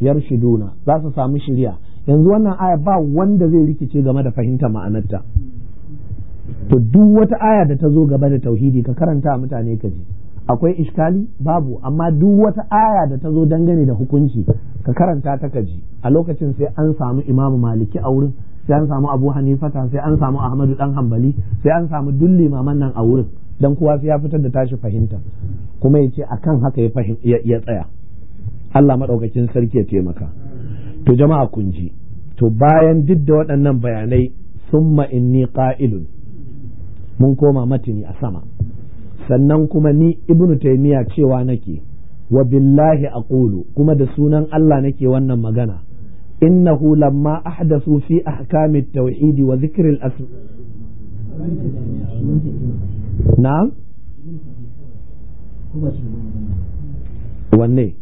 yarshuduna za su samu shiriya yanzu wannan aya ba wanda zai rikice game da fahimta ma'anarta to duk wata aya da ta zo gaba da tauhidi ka karanta mutane ka ji akwai iskali babu amma duk wata aya da ta zo dangane da hukunci ka karanta ta ka ji a lokacin sai an samu imamu maliki a wurin sai an samu abu hanifata sai an samu ahmadu dan hambali sai an samu duk limaman nan a wurin don kowa sai ya fitar da tashi fahimta kuma ya ce akan haka ya ya tsaya Allah maɗaukakin sarki ya taimaka to jama'a kun ji to bayan duk da waɗannan bayanai summa inni qa'ilun mun koma matini a sama sannan kuma ni ibnu taymiya cewa nake wa billahi aqulu kuma da sunan Allah nake wannan magana innahu lamma ahdathu fi ahkami at-tauhid wa dhikri al na'am wanne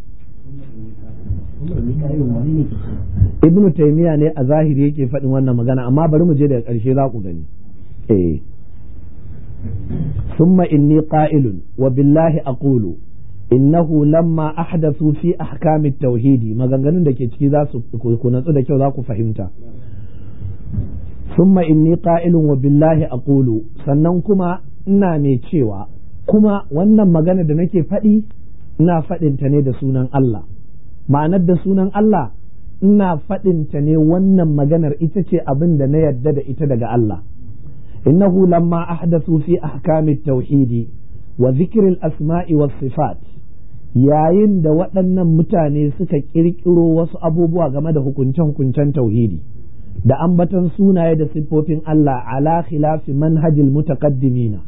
ibnu taymiya ne a zahiri yake faɗin wannan magana amma bari mu je daga ƙarshe za ku gani eh summa inni qa'ilun wa billahi aqulu innahu lamma ahdathu fi ahkami tauhidi maganganun da ke ciki za su ku natsu da kyau za ku fahimta summa inni qa'ilun wa billahi aqulu sannan kuma ina mai cewa kuma wannan magana da nake faɗi ina faɗin ta ne da sunan Allah ma'anar da sunan Allah ina ta ne wannan maganar ita ce abin da na yarda da ita daga Allah innahu lamma ahdathu fi ahkamit tauhidi wa zikirin asma'i was sifat yayin da waɗannan mutane suka ƙirƙiro wasu abubuwa game da hukunce-hukuncen tauhidi da ambatan sunaye da siffofin Allah ala khilafi manhajil mutaqaddimina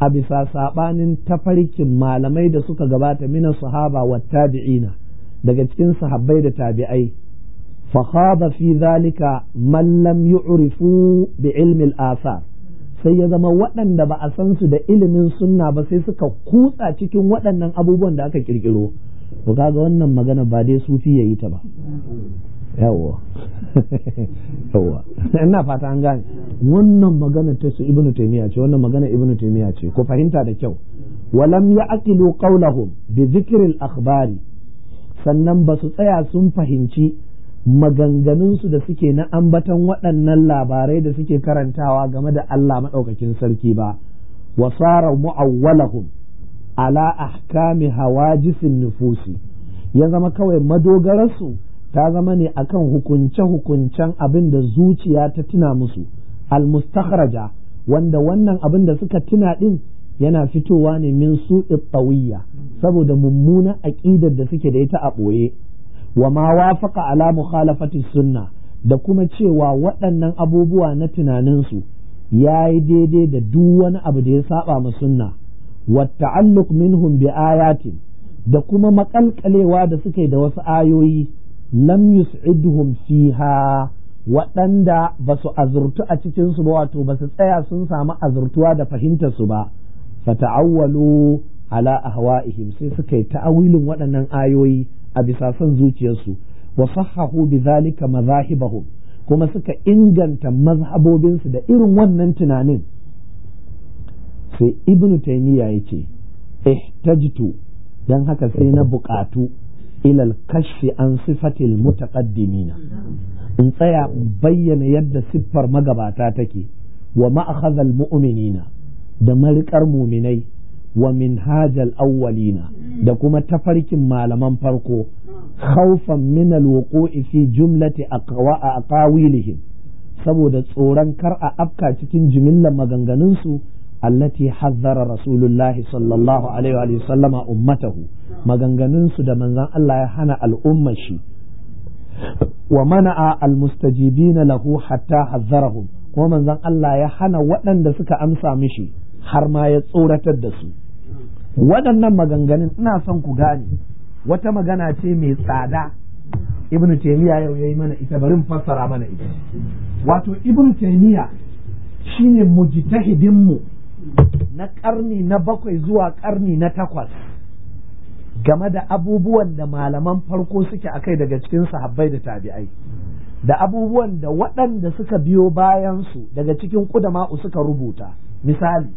a bisa saɓanin tafarkin malamai da suka gabata mina sahaba wa tabi'ina daga cikin sahabbai da tabi'ai fa khada fi zalika man lam yu'rifu bi ilmi al-athar sai ya zama waɗanda ba a san su da ilimin sunna ba sai suka kutsa cikin waɗannan abubuwan da aka kirkiro to kaga wannan magana ba dai sufi yayi ta ba yawa *laughs* yawwa ina fata an gane wannan magana ta su ibnu taymiya ce wannan magana ibnu taymiya ce ko fahimta da kyau walam ya'qilu qawlahum bi dhikri al-akhbari sannan ba su tsaya sun fahimci maganganunsu da suke na ambaton waɗannan labarai da suke karantawa game da Allah maɗaukakin sarki ba wa tsara mu'awwalahum ala ahkami hawajisin nufusi ya zama kawai madogararsu ta zama ne akan hukunce-hukuncen abin da zuciya ta tuna musu al-mustakhraja wanda wannan abin da suka tuna ɗin yana fitowa ne min su'i tawiyya saboda mummuna aƙidar da suke da ita a ɓoye wa ma wafaqa ala mukhalafati sunna da kuma cewa waɗannan abubuwa na tunaninsu ya yi daidai da duk wani abu da ya saba ma sunna wa ta'alluq minhum bi ayatin da kuma makalkalewa da suke da wasu ayoyi lam yus'idhum fiha waɗanda ba su azurtu a cikinsu ba wato ba su tsaya sun samu azurtuwa da fahimtar su ba fata'awwalu ala ahwa'ihim sai suka yi ta'awilin waɗannan ayoyi a bisa son zuciyarsu wa sahahu maza mazahibahum kuma suka inganta mazhabobinsu da irin wannan tunanin sai ibn taymiya yace ihtajtu dan haka sai na buƙatu ilal kashfi an sifatil mutaqaddimina in tsaya bayyana yadda siffar magabata take wa ma'akhadhal mu'minina da mariƙar muminai wa minhajal awwalina da kuma tafarkin malaman farko khawfan min alwuqu'i fi jumlati aqwa aqawilihim saboda tsoron kar a afka cikin jimillar maganganun su allati hazzara rasulullahi sallallahu alaihi wa sallama ummatahu maganganun su da manzon Allah ya hana al'ummar shi wa mana'a almustajibina lahu hatta hazzarahum kuma manzon Allah ya hana waɗanda suka amsa mishi har ma ya tsoratar da su waɗannan maganganun ina son ku gane wata magana ce mai tsada ibn taymiya yau ya yi mana ita barin fassara mana ita wato ibn taymiya shine mujtahidin mu na ƙarni na bakwai zuwa ƙarni na takwas game da abubuwan da malaman farko suke a kai daga cikin sahabbai da tabi'ai da abubuwan da waɗanda suka biyo bayansu daga cikin ƙudama'u suka rubuta misali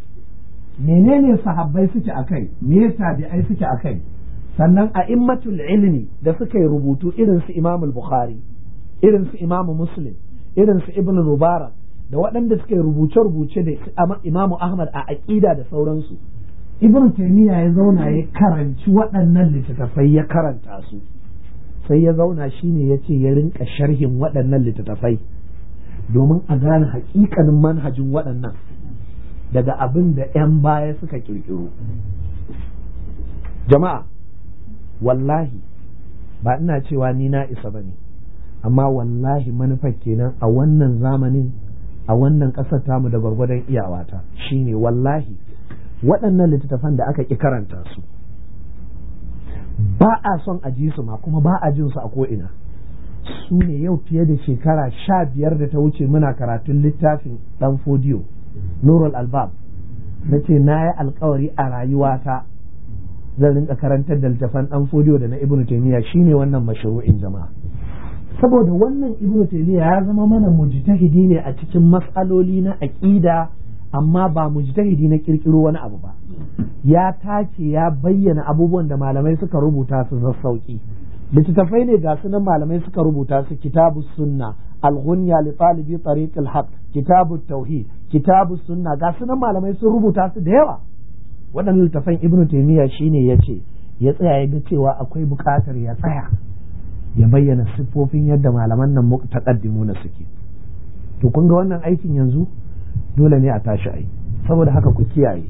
menene sahabbai suke akai me yasa tabi'ai suke akai sannan a immatul ilmi da suka yi rubutu irin su Imam Bukhari irin su Imam Muslim irin su Ibn Mubarak da waɗanda suke rubuce-rubuce da Imam Ahmad a aqida da sauransu Ibn Taymiyyah ya zauna ya karanci waɗannan littattafai ya karanta su sai ya zauna shine ya ce ya rinka sharhin waɗannan littattafai domin a gane haƙiƙanin manhajin waɗannan daga abin da 'yan baya suka kirkiro jama'a wallahi ba ina cewa ni na isa ba ne amma wallahi manufar kenan a wannan zamanin a wannan ƙasar tamu da gwargwadon iyawata shine wallahi waɗannan littattafan da aka ƙi karanta su ba a son a ji su ma kuma ba a jin su a ko'ina su ne yau fiye da shekara sha biyar da ta wuce muna karatun littafin ɗan fodiyo nurul albab na ce na yi alkawari a rayuwata zan rinka karantar da littafan dan fodiyo da na ibnu taymiya shine wannan mashru'in jama'a saboda wannan ibnu taymiya ya zama mana mujtahidi ne a cikin matsaloli na aqida amma ba mujtahidi na kirkiro wani abu ba ya tace ya bayyana abubuwan da malamai suka rubuta su na sauki littattafai ne ga sunan malamai suka rubuta su kitabu sunna al-ghunya li talibi tariqil al-haq tauhid kitabu sunna ga sunan malamai sun rubuta su da yawa waɗannan littafan ibnu taymiya shine ya ce ya tsaya ya ga cewa akwai buƙatar ya tsaya ya bayyana siffofin yadda malaman nan taƙaddimu na suke to kun ga wannan aikin yanzu dole ne a tashi ai saboda haka ku kiyaye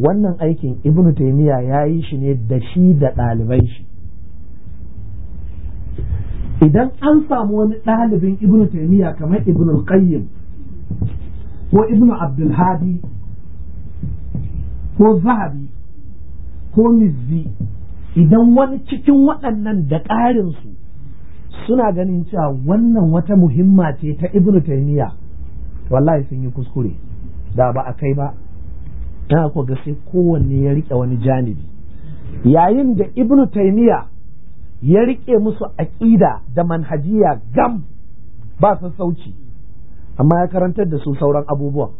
wannan aikin ibnu taymiya ya yi shi ne da shi da ɗaliban shi idan an samu wani ɗalibin ibnu taymiya kamar ibnu qayyim ko ibnu abdulhadi ko zahabi ko mizzi idan wani cikin waɗannan da ƙarinsu suna ganin cewa wannan wata muhimma ce ta ibnu Taimiyya, wallahi sun yi kuskure da ba a kai ba na ko ga sai kowanne ya riƙe wani janibi yayin da ibnu Taimiyya ya riƙe musu aƙida da manhajiya gam ba sassauci amma ya karantar da su sauran abubuwan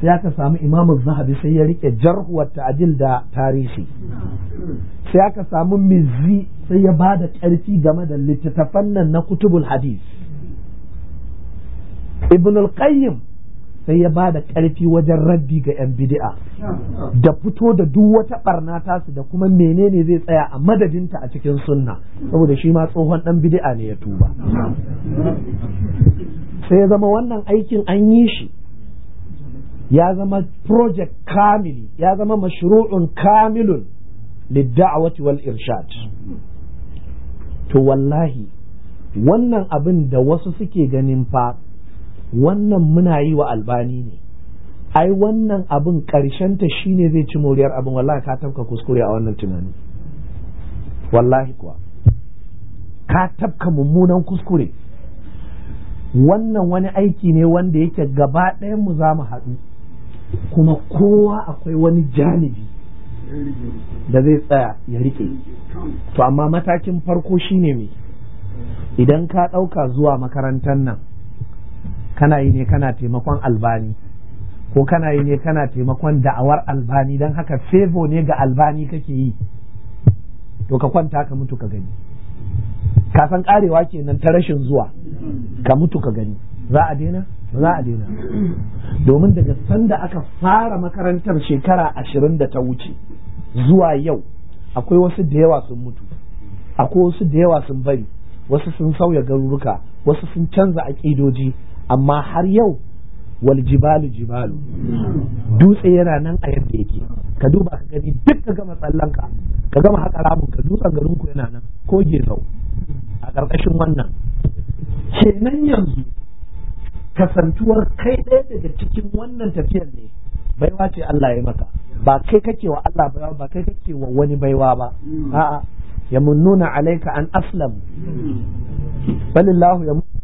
sai aka samu imamun zahabi sai ya rike jarhuwar wa da tarihi sai aka samu mizzi sai ya ba da ƙarfi game da littattafan nan na kutubul hadis ibn al-qayyim sai ya ba da ƙarfi wajen rabbi ga yan bid'a da fito da duk wata barna tasu da kuma menene zai tsaya a madadinta a cikin sunna saboda shi ma tsohon dan bid'a ne ya tuba sai ya zama wannan aikin an yi shi ya zama project kamili ya zama mashru'un kamilun lidda'awati wal irshad to wallahi wannan abin da wasu suke ganin fa wannan muna yi wa albani ne ai wannan abin ta shine zai ci moriyar abin wallahi ka tafka kuskure a wannan tunani wallahi kuwa ka tafka mummunan kuskure wannan wani aiki ne wanda yake gaba ɗayan mu za mu haɗu kuma kowa akwai wani janibi da zai tsaya ya rike to amma matakin farko shine me idan ka ɗauka zuwa makarantar nan kana yi ne kana taimakon albani ko kana yi ne kana taimakon da'awar albani don haka fevo ne ga albani kake yi to ka kwanta ka mutu ka gani kasan karewa karewa kenan ta rashin zuwa ka mutu ka gani za a daina za a daina domin daga sanda aka fara makarantar shekara ashirin da ta wuce zuwa yau akwai wasu da yawa sun mutu akwai wasu da yawa sun bari wasu sun sauya garuruka wasu sun canza aƙidoji amma har yau wal jibalu jibalu dutse yana nan a yadda yake ka duba ka gani duk ka gama tsallanka ka gama haka ramun ka dutsen garin ku yana nan ko gezau a ƙarƙashin wannan kenan yanzu kasantuwar kai ɗaya daga cikin wannan tafiyar ne baiwa ce Allah ya maka ba kai kake wa Allah baiwa ba kai kake wa wani baiwa ba a'a yamununa alayka an aslam balillahu